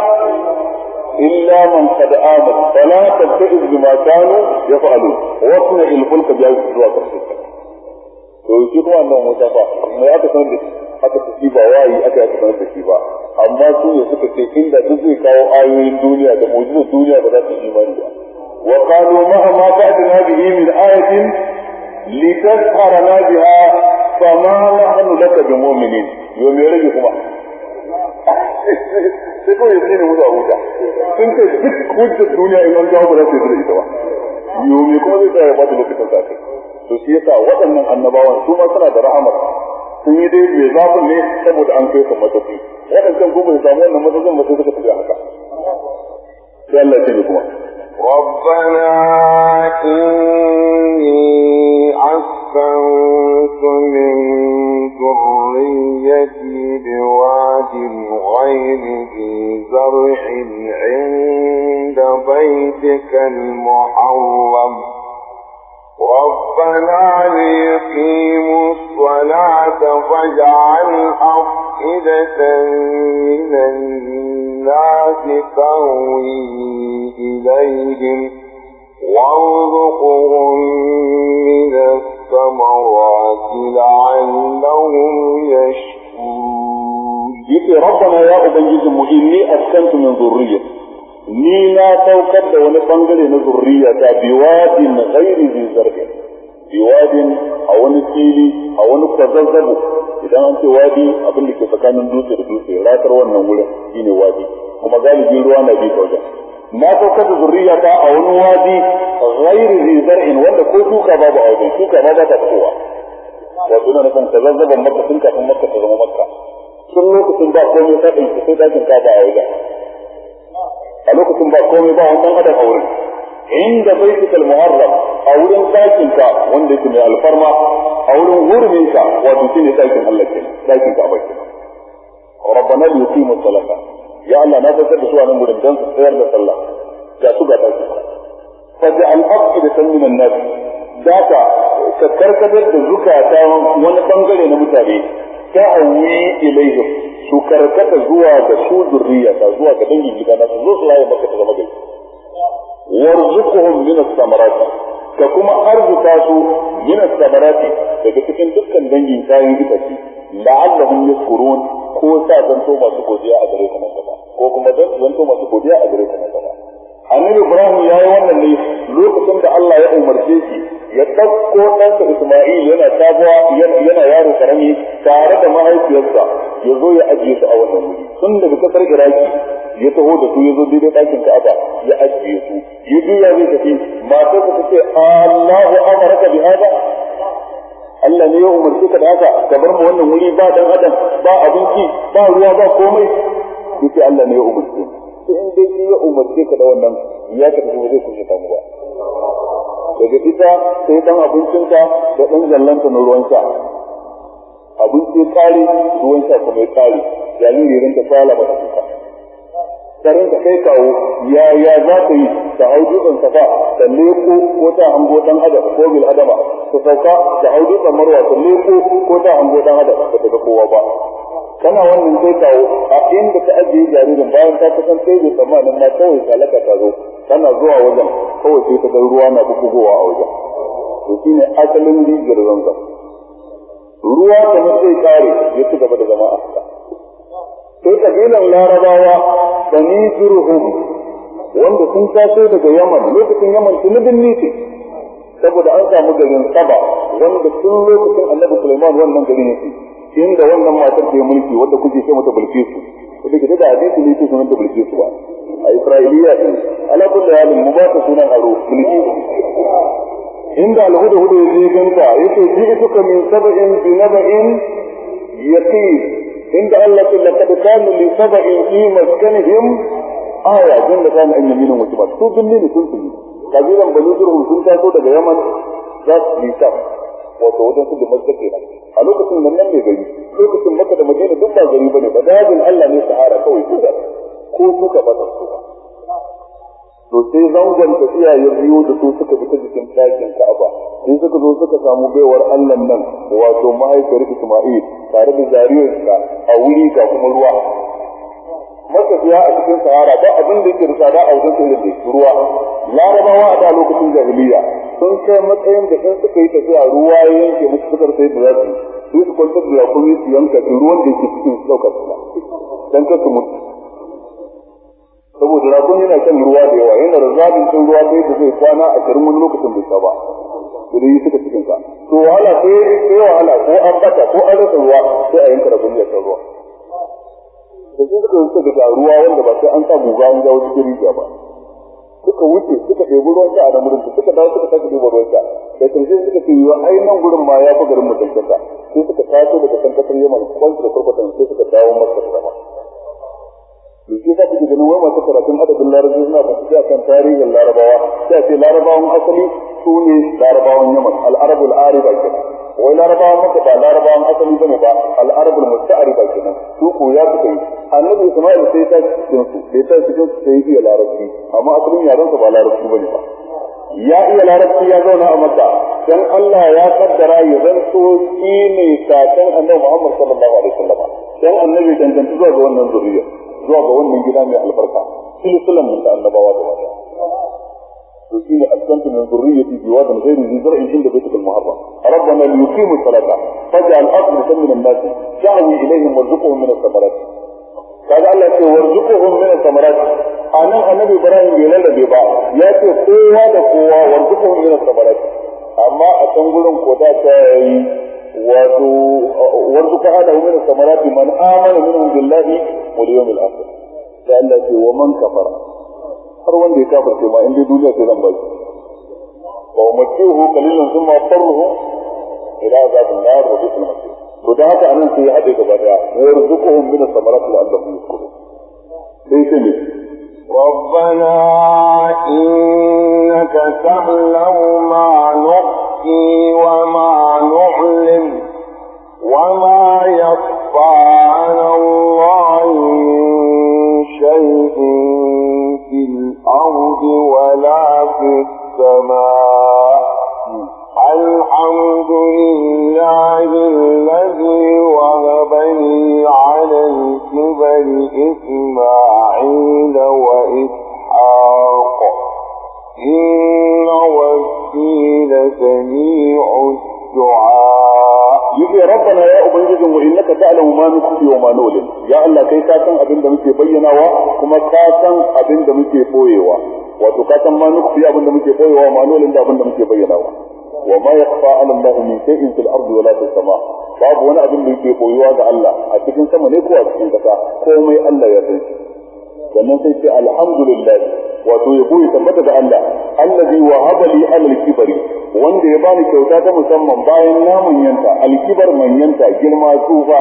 illa man qad amana fala tattabi'u bima kanu yaf'alun wa sunna al-fulka bi'awdi to shi kuma wannan wuta ba mai aka san da aka tafi ba wayi aka aka san da shi ba amma su ne suka ce inda duk zai kawo ayoyin duniya da mu'jizar duniya ba za su yi imani ba wa qalu mahma ta'tina bihi min ayatin litasharana biha fama nahnu laka bimu'minin yo me rage kuma sai kawai yanzu ne wuta wuta sun ce duk hujjar duniya in an jawo ba za su yi da ita ba yo me kuma zai tsaya ba da lokacin sa kai to shi yasa waɗannan annabawan su ma suna da rahamar sun yi dai mai zafin ne saboda an kai su matafi waɗancan ko bai samu wannan matafin ba sai suka tafi haka sai Allah ya ce kuma ربنا إني أسكنت من ذريتي بواد غير ذي زرع عند بيتك المحرم ربنا ليقيموا الصلاة فاجعل أفئدة من الناس تهوي إليهم وارزقهم من الثمرات لعلهم يشكرون. يقول ربنا يا أبنجزم إني أسكنت من ذريتي ni na saukar da wani bangare na zurriya ta biwadin ghairi zai zargin biwadin a wani fili a wani kwazazzabo idan an ce wadi abin da ke tsakanin dutse da dutse ratar wannan wurin shine wadi kuma galibin ruwa na bi wajen na saukar da zurriya ta a wani wadi ghairi zai zargin wanda ko shuka babu a wajen shuka ma ba ta fitowa wato yana nufin kwazazzaban makka tun kafin makka ta zama makka sun lokacin ba komai ta ɗauki sai ɗakin kaba a wajen a lokacin ba komai ba wannan adam a wurin inda bai al-muharram a wurin ɗakin ka wanda yake mai alfarma a wurin hurumin ka wato shine ɗakin Allah ke ɗakin ka bakin rabbana li yuqimu salata ya Allah na fitar da su nan gurin dan su tsayar da sallah ga su ga ɗakin ka faj'al afqidatan min an-nas daka ka karkatar da zukata wani bangare na mutane ta hawi ilaihim su karkata zuwa ga su zurriyata zuwa ga dangin gidana su zo su laye maka ta zama gari warzuquhum min as-samarat ka kuma arzuta su min as-samarat daga cikin dukkan dangin kayan itace la'allahum yashkurun ko sa zanto masu godiya a gare ka nan gaba ko kuma zanto masu godiya a gare ka nan gaba annabi ibrahim ya yi wannan ne lokacin da allah ya umarce shi ya ɗauko ɗansa isma'il yana sabuwa yana yaro ƙarami tare da mahaifiyarsa ya zo ya ajiye su a wannan wuri tun daga kasar iraki ya taho da su ya zo daidai ɗakin aka ya ajiye su ya ya zai tafi masu ku ta ce Allahu amaraka bi hada Allah ne ya umarci ka da haka ka bar mu wannan wuri ba dan adam ba abinci ba ruwa ba komai yace Allah ne ya umarci sai in dai shi ya umarci ka da wannan ya ka tafi zai kushe ka ba daga ita sai dan abincinka da dan zallanta na ruwanka abinci ya kare ruwan sha kuma ya kare jariri rinka tsala masa kuka karin ka kai kawo ya ya za ka yi ta hau dutsen safa ta leko ko ta hango dan adam ko bil adama ta sauka ta hau dutsen marwa ta leko ko ta hango dan adam ba ta ga kowa ba kana wannan kai kawo a inda ta ajiye jaririn bayan ta kasan kai bai tsammanin ma kawai salaka ta zo kana zuwa wajen kawai sai ta ga ruwa na bukukuwa a wajen to shine asalin rijiyar zanzan ruwa kamar zai kare ya ci gaba da zama a haka sai kabilan larabawa ni jurhum wanda sun taso daga yaman lokacin yaman tuni birni ce saboda an samu garin saba wanda tun lokacin annabi sulaiman wannan garin yake inda wannan matar ke mulki wanda kuke ce mata Su da ke da hadisi ne ke sunan da su ba a isra'iliya din ala kullu halin mu ba ta sunan aro mulki. inda alhuda hudu ya je ganta yake ji ituka min sab'in bi naba'in yaqin inda Allah ta laqad kana li sab'in fi maskanihim aya jalla kana an yaminu wa shibat to binni ne kun tuni kabilan banu zurhum ta so daga yaman za su yi ta wato wajen su da makka kenan a lokacin nan nan ne gari lokacin makka da madina duk ba gari bane ba dajin Allah ne sahara kawai ko suka ba su ba to sai zaujan ta iyaye biyu da su suka fita jikin ɗakin Ka'aba sai suka zo suka samu baiwar Allah nan wato mahaifiyar Isma'il tare da jariyarsa a wuri ga kuma ruwa matafiya a cikin sahara ba abin da yake da a wajen da ruwa larabawa a da lokacin jahiliya sun kai matsayin da sun suka yi tafiya ruwa ya yanke musu suka sai da zafi sai su kwantar da yakuri su yanka ruwan da yake cikin su ɗaukar su dan kar su mutu saboda ragon yana kan ruwa da yawa yana da zabin cin ruwa sai da zai kwana a karin wani lokacin bai sha ba da yi suka cikin ka to wahala sai sai wahala ko an bata ko an rasa ruwa sai a yanka da yana kan ruwa da sun suka suka ga ruwa wanda ba sai an sa guga an jawo cikin rijiya ba suka wuce suka ɗebi ruwan sa a nan gurin suka dawo suka tafi duba ruwan sa da ƙarshe suka ce yiwa ai nan gurin ma ya fi garin mutum sai suka taso daga kan yamma yamma kwanci da kurkutan sai suka dawo masa da zama da shi za ku ji ganin wai masu karatun adabin larabci suna bincike akan tarihin larabawa sai ce larabawan asali su ne larabawan yaman al'arabul ariba kenan wai larabawan maka ba larabawan asali bane ba al'arabul musta'ariba kenan su ko ya fita yi annabi isma'il sai ta cikin su bai ta cikin su sai iya larabci amma asalin yaran yaron ba larabci bane ba ya iya larabci ya zauna a makka dan Allah ya kaddara ya zanto shi ne kakan annabi Muhammad sallallahu alaihi wasallam dan annabi dangantaka ga wannan zuriya zuwa ga wannan gida mai albarka shi ne sulan mun annabawa da wata to shi ne askantu min zurriyyati bi wadin ghairi zi zar'in inda baitul muharram rabbana li yuqimu salata faj'al afdal min an-nas ya'wi ilayhim warzuqhum min ath-thamarat kaga Allah ya ce warzuqhum min ath-thamarat anan annabi Ibrahim bai lalabe ba ya ce kowa da kowa warzuqhum min ath-thamarat amma a can gurin ko da ta yi wato wanda ka hada min samarati man amana minhum billahi wal yawmil akhir da Allah ce wa man kafara har wanda ya ce ma in dai duniya ce zan ba shi wa mutihu qalilan thumma farruhu ila azabin nar wa bisul masir to da haka anan sai ya hade gaba da yarzuquhum min samarati la'allahum yashkurun sai sai ربنا إنك تعلم ما نحكي وما نعلم وما يخفى على ta'ala Allah min shay'in fil ardi wala fis sama babu wani abin da yake koyuwa ga Allah a cikin sama ne ko a cikin kasa komai Allah ya san shi sannan sai ce alhamdulillah wato ya goyi tabbata ga Allah allazi wahaba li alal kibari wanda ya bani kyauta ta musamman bayan na namun yanta alkibar manyanta girma tsufa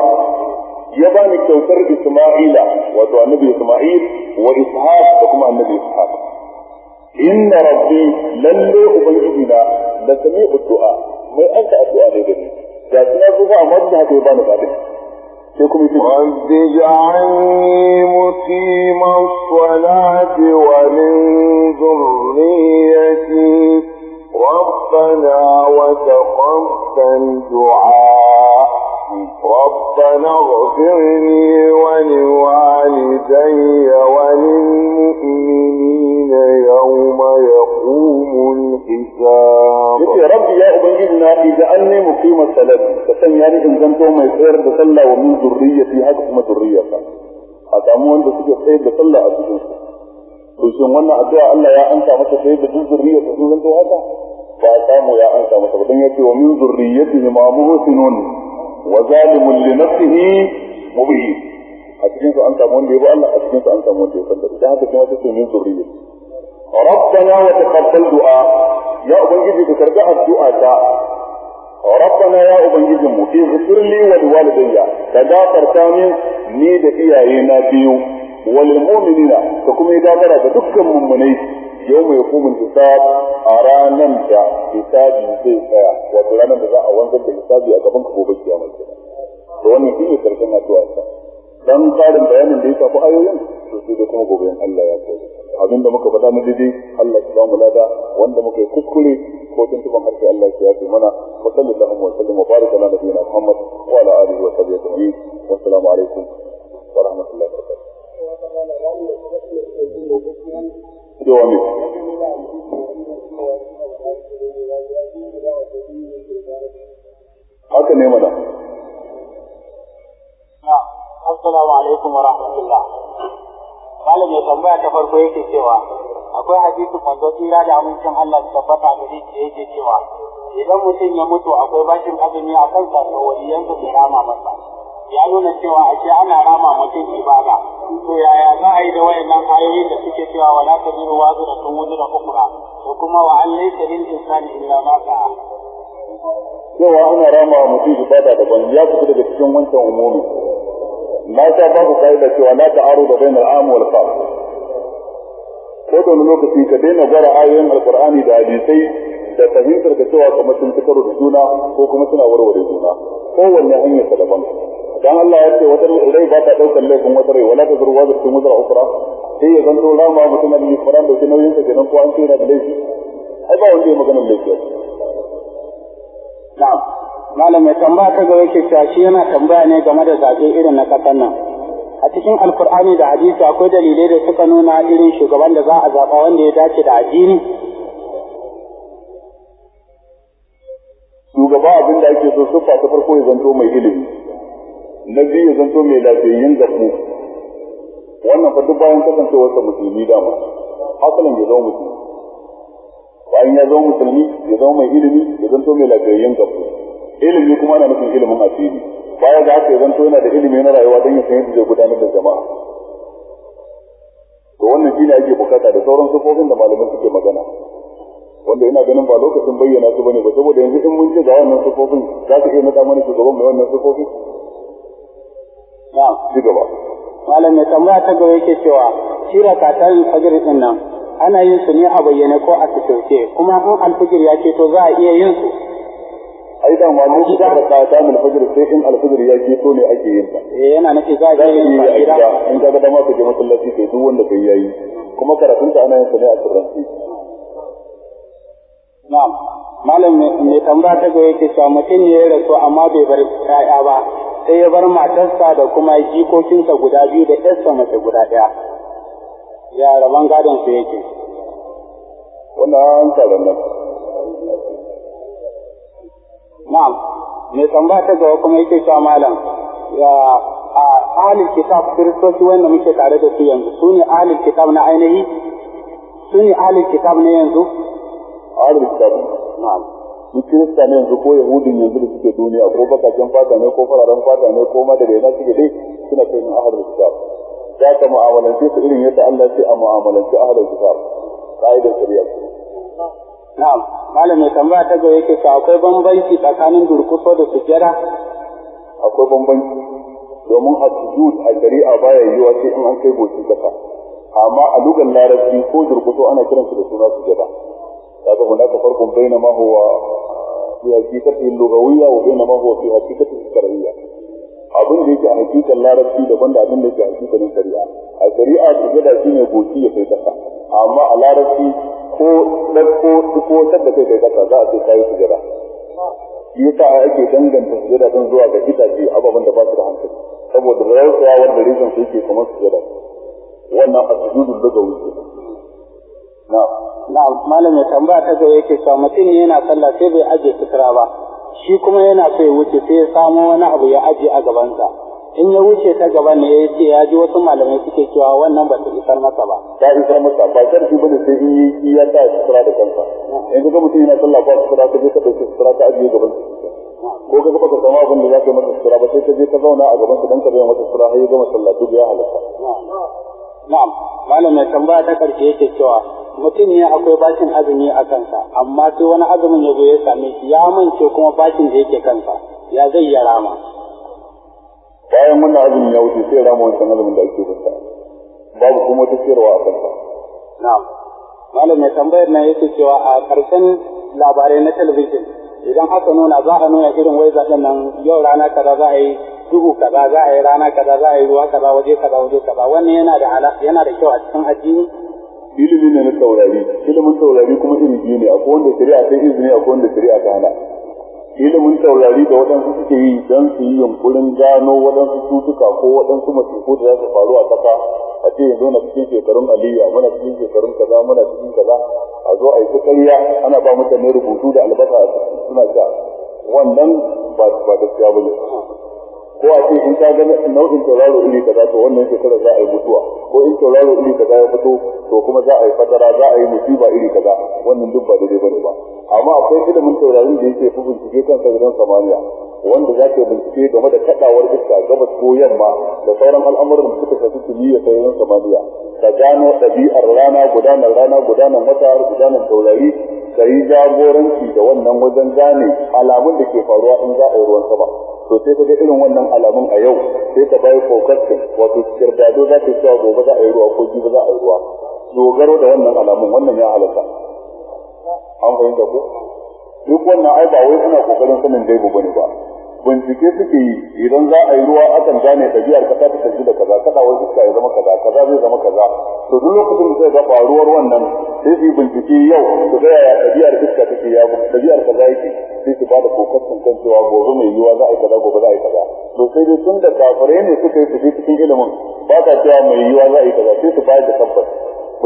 ya bani kyautar Isma'ila wato annabi Isma'il wa Ishaq da kuma annabi Ishaq inna rabbi lalle ubangiji na da sami'u du'a mai an ta addu'a ne gani ga suna tsufa amma duk haka ya bani fadin sai kuma yi rabbi ja'alni muqima salati wa min dhurriyyati ربنا وتقبل دعاء ربنا اغفر لي ولوالدي وللمؤمنين يوم يقوم الحساب يا رب يا ابن اجعلني مقيم السلام، فسن يعني ان زنتو ما يسير بسلا ومن ذريتي في هكذا ما ذرية حتى امون بسجد خير بصلى اجلوك بسجد وانا ادعى الله يا انت عمت خير بصلى ذرية في هكذا فاتامو يا انت عمت خير ومن ذريته ما مهسنون wa zalimun li nafsihi mubin a cikin su an samu wanda ya bi Allah a cikin su an samu wanda ya san da dan haka kuma take min zuriya rabbana wa taqabbal du'a ya ubangiji ka karbi addu'a ta rabbana ya ubangiji mu ighfir li wa liwalidayya ka gafarta min ni da iyaye na biyu wal mu'minina ka kuma yi gafara ga dukkan mummunai yau mai hukumin hisab a ranar da hisabi zai tsaya wato ranar da za a wanzar da hisabi a gaban ka gobe kiyama kenan to wannan shine karshen addu'a ta dan bayanin da ya shafi ayoyin to sai da kuma gobe Allah ya kai abinda muka faɗa na daidai Allah ya mu lada wanda muka yi kuskure ko tuntuban harshe Allah ya yafe mana wa sallallahu wa sallam wa baraka ala nabiyina Muhammad wa ala alihi wa sahbihi ajma'in wa assalamu alaikum wa rahmatullahi wa barakatuh cewa ne haka ne mana assalamu alaikum wa rahmatullah malam ya tambaya ta farko yake cewa akwai hadisi manzo tsira da amincin Allah su tabbata da shi yake cewa idan mutum ya mutu akwai bashin azumi a kansa to waliyansa bai rama masa ya nuna cewa a ce ana rama mutum ibada to yaya za a yi da wayannan ayoyin da suke cewa wala tabiru wazira tun wuzira ukra da kuma wa an laysa lil insani illa ma sa'a cewa ana rama wa mutum ibada daban ya fita daga cikin wancan umumi na sa ba ku kai da cewa la ta'arudu bainal am wal ko da lokaci ka daina gwara ayoyin alqur'ani da hadisai da fahimtar da cewa kamar sun da juna ko kuma suna warware juna kowanne hanyar daban dan Allah ya ce wata rai ba ta daukar laifin wata rai wala ta zurwa da cikin wata ukra sai ya zanto rama mutum ne Qur'an da nauyin sa kenan ko an tsira da laifi ai ba wanda ya magana laifi na'am malam ya tambaya ka ga yake cewa shi yana tambaya ne game da zabe irin na kasan nan a cikin alkur'ani da hadisi akwai dalilai da suka nuna irin shugaban da za a zaba wanda ya dace da addini shugaba abin da ake so siffa ta farko ya zanto mai ilimi na biyu ya zanto mai lafiyayyen gafu wannan fa duk bayan wasu musulmi dama hasalin ya zama musulmi bayan ya zama musulmi ya zama mai ilimi ya zanto mai lafiyayyen gafu ilimi kuma ana nufin ilimin asiri baya ga haka ya zanto yana da ilimi na rayuwa don ya san yadda zai gudanar da jama'a to wannan shine ake bukata da sauran sufofin da malaman suke magana wanda ina ganin ba lokacin bayyana su bane ba saboda yanzu in mun ce ga wannan sufofin za ka iya nada mana shugaban mai wannan sufofin na'am gaba malam mai tambaya ta gaba yake cewa shi rakatan fajr din nan ana yin su ne a bayyane ko a sirrance kuma in alfajir ya ce to za a iya yin su ai dan wani shi da rakata min fajr sai in alfajir ya ce to ne ake yin ta eh yana nake za a yi a in ga da ma ke je masallaci sai duk wanda kai yayi kuma karatun ta ana yin su ne a sirrance na'am malam mai tambaya ta ga yake cewa mutum ne ya rasu amma bai bar ƴaƴa ba sai ya bar matarsa da kuma jikokinsa guda biyu da ƴarsa mace guda ɗaya ya rabon gadon su yake wannan da nan na'am mai tambaya ta gaba kuma yake cewa malam ya a ahlul kitab kiristoci wanda muke tare da su yanzu su ne ahlul kitab na ainihi su ne ahlul kitab na yanzu ahlul kitab na'am duk kirista ne yanzu ko yahudin yanzu da suke duniya ko bakakken fata ne ko fararen fata ne ko ma na suke dai suna kai min ahlul kitab za ka mu'amalance su irin yadda Allah ya ce a mu'amalance ahlul kitab ka'idar shari'a na'am malam mai tambaya ta gaba yake cewa akwai bambanci tsakanin durkuso da sujjada akwai bambanci domin a sujud a shari'a baya yiwa sai in an kai goshi kasa amma a lugan larabci ko durkuso ana kiransu da suna sujjada hunaka هناك baina ma huwa fi hakikati حقيقته wa baina ma huwa fi hakikati shar'iyya abin da yake a hakikan larabci daban da abin da yake a hakikalin shari'a a shari'a ta gada shi ne goci ya kai kasa amma a larabci ko ɗarko ko sadda kai kai kasa za a ce kayi gada shi yasa ake danganta su gada don zuwa ga itace ababen da ba su da hankali saboda rayuwa wanda rizon su yake kamar gada wannan a sujudul lugawi na'am malam ya tambaya ta ga yake cewa mutum ne yana sallah sai bai aje sutura ba shi kuma yana so ya wuce sai ya samo wani abu ya aje a gabansa in ya wuce ta gaban ne ya ce ya ji wasu malamai suke cewa wannan ba su isar masa ba ya isar masa ba shi bane sai in yi ya sa sutura da kansa in ga mutum yana sallah ba sutura ka je ka dauki sutura ta aje gaban ko ka baka samu abin da za yi masa sutura ba sai ka je ka zauna a gaban ka dan ka bai masa sutura har ya gama sallah duk ya halaka na'am malam ya tambaya ta karshe yake cewa mutum ne akwai bashin azumi a kansa amma sai wani azumin ya zo ya same shi ya mance kuma bashin da yake kansa ya zai ya rama bayan wannan azumin ya wuce sai rama wancan azumin da ake kusa babu kuma ta cewa a kansa na'am malam mai tambayar nan yake cewa a karshen labarai na talabijin idan aka nuna za a nuna irin wai zaɗin nan yau rana kaza za a yi duhu kaza za a yi rana kaza za a yi ruwa kaza waje kaza waje kaza wannan yana da yana da kyau a cikin addini ilimi ne na taurari ilimin taurari kuma irin biyu ne akwai wanda shari'a ta izini akwai wanda shari'a ta hana ilimin taurari da waɗansu suke yi don su yi yunkurin gano waɗansu cutuka ko waɗansu masifu da za su faru a ƙasa a ce yanzu na cikin shekarun aliyu muna cikin shekarun kaza muna cikin kaza a zo a yi ta ƙarya ana ba mutane rubutu da albasa suna sha wannan ba gaskiya ba ne ko a ce in ta ga nau'in tauraro iri kaza to wannan shekara za a yi mutuwa ko in tauraro iri kaza ya fito to kuma za a yi fatara za a yi musiba iri kaza wannan duk ba daidai bane ba amma akwai ilimin taurarin da yake fi bincike kan sararin samaniya wanda za ka bincike game da kaɗawar iska gabas ko yamma da sauran al'amuran da suka shafi kimiyya sararin samaniya ka gano ɗabi'ar rana gudanar rana gudanar wata gudanar taurari ka yi jagoranci da wannan wajen gane alamun da ke faruwa in za a yi ruwan sama to sai ka ga irin wannan alamun a yau sai ka bayi fokasin wato kirdado za ta cewa gobe za a yi ruwa ko jibi za a yi ruwa dogaro da wannan alamun wannan ya halatta an fahimta ko duk wannan ai ba wai suna kokarin sanin dai gobe ne ba bincike suke yi idan za a yi ruwa akan gane ɗabi'ar kasa ta tafi da kaza kada wani iska ya zama kaza kaza zai zama kaza to duk lokacin da zai ga faruwar wannan sai su yi bincike yau su ga yaya ɗabi'ar iska take ya ɗabi'ar kaza yake sai su bada kokarin kan cewa gobe mai yiwa za a yi kaza gobe za a yi kaza to sai dai tun da kafirai ne suka yi su cikin ilimin ba ta cewa mai yiwa za a yi kaza sai su bayar da tabbas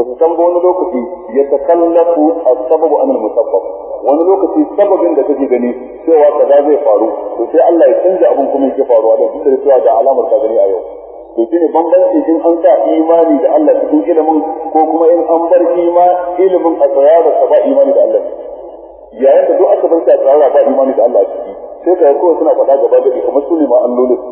ba su san ba wani lokaci ya takallafu a sababu anil musabbab wani lokaci sababin da kake gani cewa kaza zai faru to sai Allah ya canza abin kuma yake faruwa da duk da cewa da alamar ka gani a yau to ne bambanci in an sa imani da Allah cikin ilimin ko kuma in an bar ima ilimin a tsaya da ba imani da Allah yayin da duk aka bar ta tsaya ba imani da Allah ciki sai ka kowa suna faɗa gaba da kamar su ne ma allolin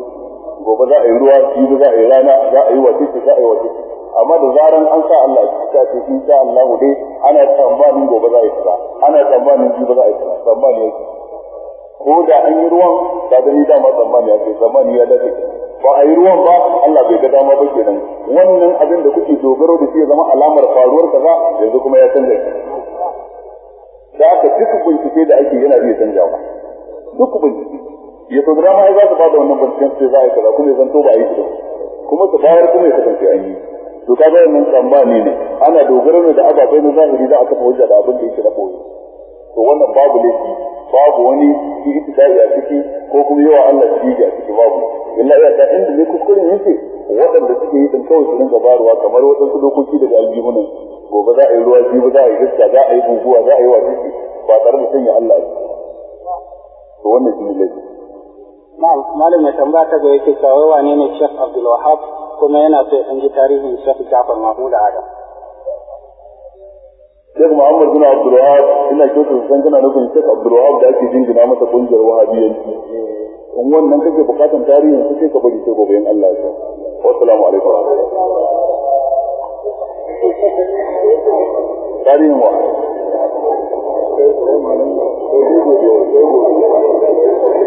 gobe za a yi ruwa jibi za a yi rana za a yi wace za a yi wace amma da zaran an sa Allah a cikin kafin in sha Allah dai ana tsammanin gobe za a yi kaza ana tsammanin jibi za a yi kaza ya ce ko da an yi ruwan ka gani dama tsammani ya ce tsammani ya dace ba a yi ruwan ba Allah bai ga dama ba kenan wannan abin da kuke dogaro da shi ya zama alamar faruwar kaza yanzu kuma ya canza shi da aka duk bincike da ake yana iya ba duk bincike ya to dama ya za su ba da wannan bincike sai za a yi kaza kuma ya zanto ba a yi kuma su bayar kuma ya kasance an yi to ga mun tamba ne ana dogara ne da ababai na zahiri za a kafa hujja da abin da yake na koyi to wannan babu laifi babu wani da ya ciki ko kuma yawa Allah shi a ciki babu illa ya ta inda ne kuskuren yake waɗanda suke yi din kawai su rinka baruwa kamar waɗansu dokoki daga aljihunan gobe za a yi ruwa jibi za a yi iska za a yi guguwa za a yi wa ciki ba tare da sanya Allah to wannan shi ne laifi na'am malam ya tambaya ta ga yake kawai wane ne Sheikh Abdul Wahab kuma yana sai an ji tarihin kafar Jafar a gan. Sheikh Muhammad bin Abdulwahab ina ina kyautar san kana nufin Sheikh Abdulwahab da ake jinjina masa kungiyar Wahabiyyanci in wannan kake bukatan tarihin su sai ka bari sai gobe in Allah ya sa assalamu alaikum tarihin wa